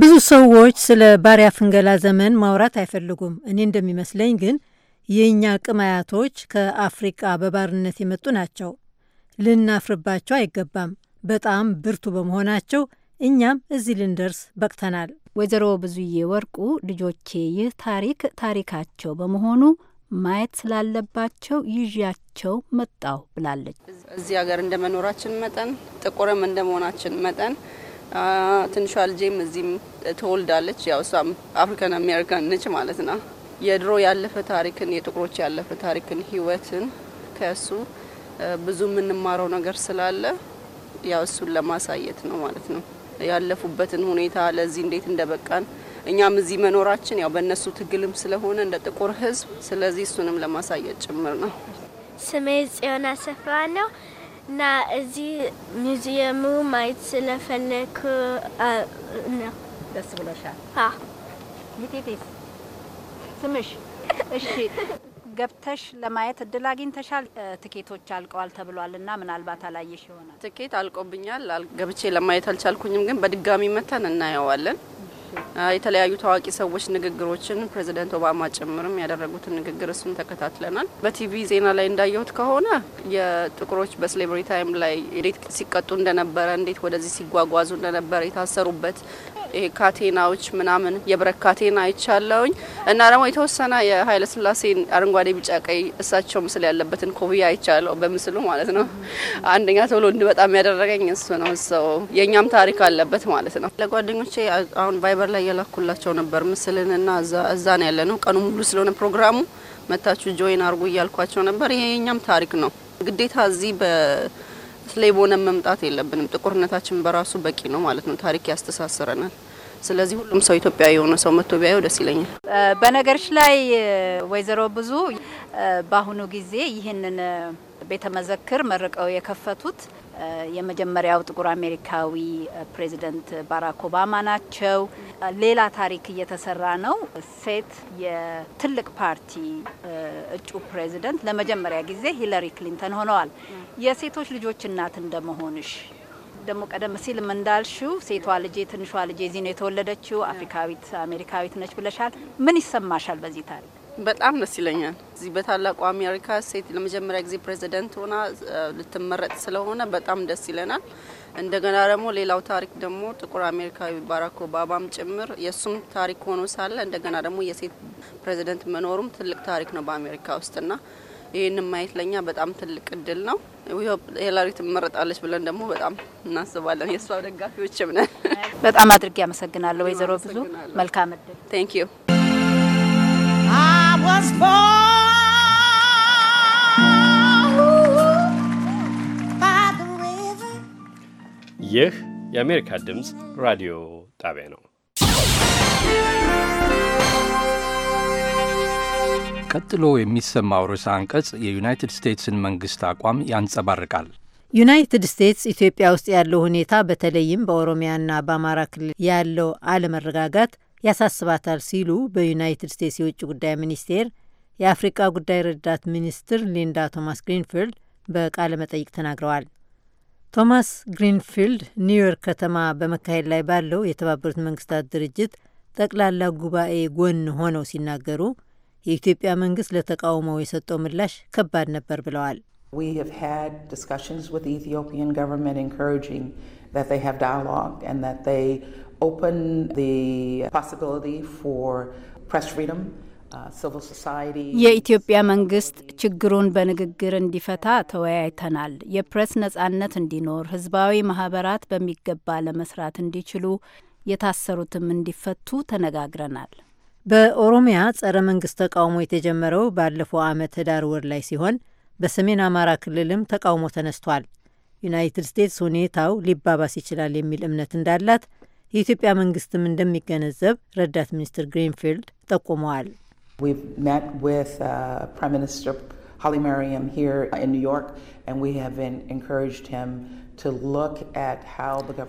ብዙ ሰዎች ስለ ባሪያ ፍንገላ ዘመን ማውራት አይፈልጉም። እኔ እንደሚመስለኝ ግን የእኛ ቅማያቶች ከአፍሪቃ በባርነት የመጡ ናቸው። ልናፍርባቸው አይገባም። በጣም ብርቱ በመሆናቸው እኛም እዚህ ልንደርስ በቅተናል። ወይዘሮ ብዙዬ ወርቁ ልጆቼ ይህ ታሪክ ታሪካቸው በመሆኑ ማየት ስላለባቸው ይዣቸው መጣሁ ብላለች። እዚህ ሀገር እንደ መኖራችን መጠን ጥቁርም እንደ መሆናችን መጠን ትንሿ ልጄም እዚህም ትወልዳለች። ያው እሷም አፍሪካን አሜሪካን ነች ማለት ነው። የድሮ ያለፈ ታሪክን የጥቁሮች ያለፈ ታሪክን ህይወትን ከሱ ብዙ የምንማረው ነገር ስላለ ያው እሱን ለማሳየት ነው ማለት ነው። ያለፉበትን ሁኔታ ለዚህ እንዴት እንደበቃን እኛም እዚህ መኖራችን ያው በእነሱ ትግልም ስለሆነ እንደ ጥቁር ህዝብ ስለዚህ እሱንም ለማሳየት ጭምር ነው። ስሜ ጽዮን አሰፋ ነው እና እዚህ ሙዚየሙ ማየት ስለፈለኩ ነው። ደስ ብሎሻል? ስምሽ? እሺ ገብተሽ ለማየት እድል አግኝተሻል? ትኬቶች አልቀዋል ተብሏል እና ምናልባት አላየሽ ይሆናል። ትኬት አልቆብኛል፣ ገብቼ ለማየት አልቻልኩኝም፣ ግን በድጋሚ መተን እናየዋለን። የተለያዩ ታዋቂ ሰዎች ንግግሮችን ፕሬዚደንት ኦባማ ጭምርም ያደረጉትን ንግግር እሱን ተከታትለናል። በቲቪ ዜና ላይ እንዳየሁት ከሆነ የጥቁሮች በስሌቨሪ ታይም ላይ እንዴት ሲቀጡ እንደነበረ፣ እንዴት ወደዚህ ሲጓጓዙ እንደነበረ የታሰሩበት ካቴናዎች ምናምን የብረት ካቴና አይቻለውኝ እና ደግሞ የተወሰነ የኃይለ ስላሴን አረንጓዴ፣ ቢጫ፣ ቀይ እሳቸው ምስል ያለበትን ኮፍያ አይቻለው በምስሉ ማለት ነው። አንደኛ ቶሎ እንድ በጣም ያደረገኝ እሱ ነው። ሰው የእኛም ታሪክ አለበት ማለት ነው። ለጓደኞቼ አሁን ቫይበር ላይ እየላኩላቸው ነበር ምስልንና እዛ ነው ያለ ነው። ቀኑ ሙሉ ስለሆነ ፕሮግራሙ መታችሁ ጆይን አርጉ እያልኳቸው ነበር። ይሄ የኛም ታሪክ ነው። ግዴታ እዚህ በስሌብ ሆነን መምጣት የለብንም። ጥቁርነታችን በራሱ በቂ ነው ማለት ነው። ታሪክ ያስተሳስረናል። ስለዚህ ሁሉም ሰው ኢትዮጵያዊ የሆነ ሰው መጥቶ ቢያየው ደስ ይለኛል። በነገሮች ላይ ወይዘሮ ብዙ በአሁኑ ጊዜ ይህንን ቤተ መዘክር መርቀው የከፈቱት የመጀመሪያው ጥቁር አሜሪካዊ ፕሬዚደንት ባራክ ኦባማ ናቸው። ሌላ ታሪክ እየተሰራ ነው። ሴት የትልቅ ፓርቲ እጩ ፕሬዚደንት ለመጀመሪያ ጊዜ ሂለሪ ክሊንተን ሆነዋል። የሴቶች ልጆች እናት እንደመሆንሽ ደግሞ ቀደም ሲልም እንዳልሽው ሴቷ ልጄ ትንሿ ልጄ እዚህ ነው የተወለደችው፣ አፍሪካዊት አሜሪካዊት ነች ብለሻል። ምን ይሰማሻል በዚህ ታሪክ? በጣም ደስ ይለኛል። እዚህ በታላቁ አሜሪካ ሴት ለመጀመሪያ ጊዜ ፕሬዚደንት ሆና ልትመረጥ ስለሆነ በጣም ደስ ይለናል። እንደገና ደግሞ ሌላው ታሪክ ደግሞ ጥቁር አሜሪካዊ ባራክ ኦባማም ጭምር የእሱም ታሪክ ሆኖ ሳለ እንደገና ደግሞ የሴት ፕሬዚደንት መኖሩም ትልቅ ታሪክ ነው በአሜሪካ ውስጥና ይህንም ማየት ለኛ በጣም ትልቅ እድል ነው። ሂላሪ ትመረጣለች ብለን ደግሞ በጣም እናስባለን። የእሷ ደጋፊዎችም ነን። በጣም አድርጌ አመሰግናለሁ። ወይዘሮ ብዙ መልካም እድል። ቴንክ ዩ was born ይህ የአሜሪካ ድምፅ ራዲዮ ጣቢያ ነው። ቀጥሎ የሚሰማው ርዕሰ አንቀጽ የዩናይትድ ስቴትስን መንግስት አቋም ያንጸባርቃል። ዩናይትድ ስቴትስ ኢትዮጵያ ውስጥ ያለው ሁኔታ በተለይም በኦሮሚያና በአማራ ክልል ያለው አለመረጋጋት ያሳስባታል ሲሉ በዩናይትድ ስቴትስ የውጭ ጉዳይ ሚኒስቴር የአፍሪቃ ጉዳይ ረዳት ሚኒስትር ሊንዳ ቶማስ ግሪንፊልድ በቃለ መጠይቅ ተናግረዋል። ቶማስ ግሪንፊልድ ኒውዮርክ ከተማ በመካሄድ ላይ ባለው የተባበሩት መንግስታት ድርጅት ጠቅላላ ጉባኤ ጎን ሆነው ሲናገሩ የኢትዮጵያ መንግስት ለተቃውሞው የሰጠው ምላሽ ከባድ ነበር ብለዋል። open the possibility for press freedom. Uh, የኢትዮጵያ መንግስት ችግሩን በንግግር እንዲፈታ ተወያይተናል። የፕሬስ ነጻነት እንዲኖር፣ ህዝባዊ ማህበራት በሚገባ ለመስራት እንዲችሉ፣ የታሰሩትም እንዲፈቱ ተነጋግረናል። በኦሮሚያ ጸረ መንግስት ተቃውሞ የተጀመረው ባለፈው ዓመት ህዳር ወር ላይ ሲሆን በሰሜን አማራ ክልልም ተቃውሞ ተነስቷል። ዩናይትድ ስቴትስ ሁኔታው ሊባባስ ይችላል የሚል እምነት እንዳላት የኢትዮጵያ መንግስትም እንደሚገነዘብ ረዳት ሚኒስትር ግሪንፊልድ ጠቁመዋል። uh,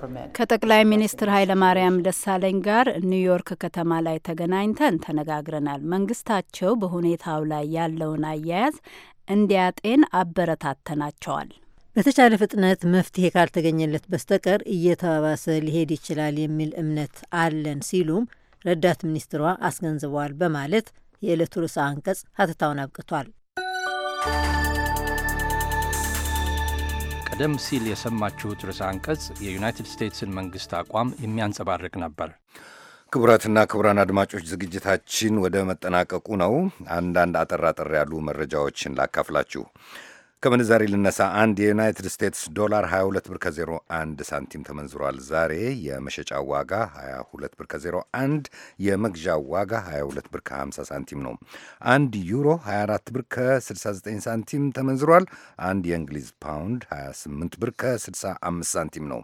um, ከጠቅላይ ሚኒስትር ኃይለማርያም ደሳለኝ ጋር ኒውዮርክ ከተማ ላይ ተገናኝተን ተነጋግረናል። መንግስታቸው በሁኔታው ላይ ያለውን አያያዝ እንዲያጤን አበረታተናቸዋል። በተቻለ ፍጥነት መፍትሄ ካልተገኘለት በስተቀር እየተባባሰ ሊሄድ ይችላል የሚል እምነት አለን ሲሉም ረዳት ሚኒስትሯ አስገንዝበዋል በማለት የዕለቱ ርዕሰ አንቀጽ ሀተታውን አብቅቷል። ቀደም ሲል የሰማችሁት ርዕሰ አንቀጽ የዩናይትድ ስቴትስን መንግስት አቋም የሚያንጸባርቅ ነበር። ክቡራትና ክቡራን አድማጮች ዝግጅታችን ወደ መጠናቀቁ ነው። አንዳንድ አጠር አጠር ያሉ መረጃዎችን ላካፍላችሁ። ከምንዛሬ ልነሳ። አንድ የዩናይትድ ስቴትስ ዶላር 22 ብር ከ01 ሳንቲም ተመንዝሯል። ዛሬ የመሸጫ ዋጋ 22 ብር ከ01፣ የመግዣ ዋጋ 22 ብር ከ50 ሳንቲም ነው። አንድ ዩሮ 24 ብር ከ69 ሳንቲም ተመንዝሯል። አንድ የእንግሊዝ ፓውንድ 28 ብር ከ65 ሳንቲም ነው።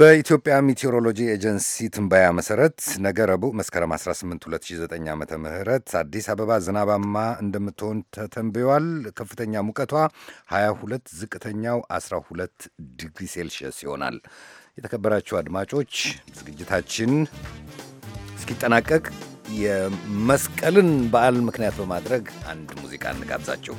በኢትዮጵያ ሚቴሮሎጂ ኤጀንሲ ትንበያ መሰረት ነገ ረቡዕ መስከረም 18 2009 ዓ ም አዲስ አበባ ዝናባማ እንደምትሆን ተተንብዋል። ከፍተኛ ሙቀቷ 22፣ ዝቅተኛው 12 ዲግሪ ሴልሺየስ ይሆናል። የተከበራችሁ አድማጮች ዝግጅታችን እስኪጠናቀቅ የመስቀልን በዓል ምክንያት በማድረግ አንድ ሙዚቃ እንጋብዛችሁ።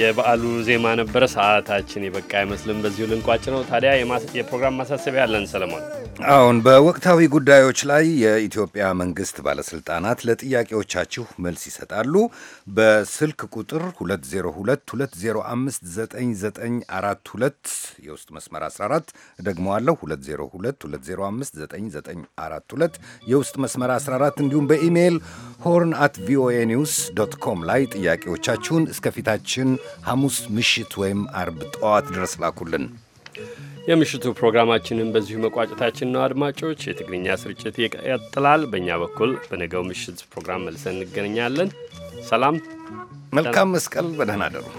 የበዓሉ ዜማ ነበረ። ሰዓታችን የበቃ አይመስልም፣ በዚሁ ልንቋጭ ነው። ታዲያ የፕሮግራም ማሳሰቢያ ያለን ሰለሞን። አሁን በወቅታዊ ጉዳዮች ላይ የኢትዮጵያ መንግስት ባለስልጣናት ለጥያቄዎቻችሁ መልስ ይሰጣሉ። በስልክ ቁጥር 2022059942 የውስጥ መስመር 14 ደግመዋለሁ፣ 2022059942 የውስጥ መስመር 14 እንዲሁም በኢሜይል ሆርን አት ቪኦኤ ኒውስ ዶት ኮም ላይ ጥያቄዎቻችሁን እስከፊታችን ሐሙስ ምሽት ወይም አርብ ጠዋት ድረስ ላኩልን። የምሽቱ ፕሮግራማችንን በዚሁ መቋጨታችን ነው። አድማጮች፣ የትግርኛ ስርጭት ይቀጥላል። በእኛ በኩል በነገው ምሽት ፕሮግራም መልሰን እንገናኛለን። ሰላም፣ መልካም መስቀል፣ በደህና አደሩ።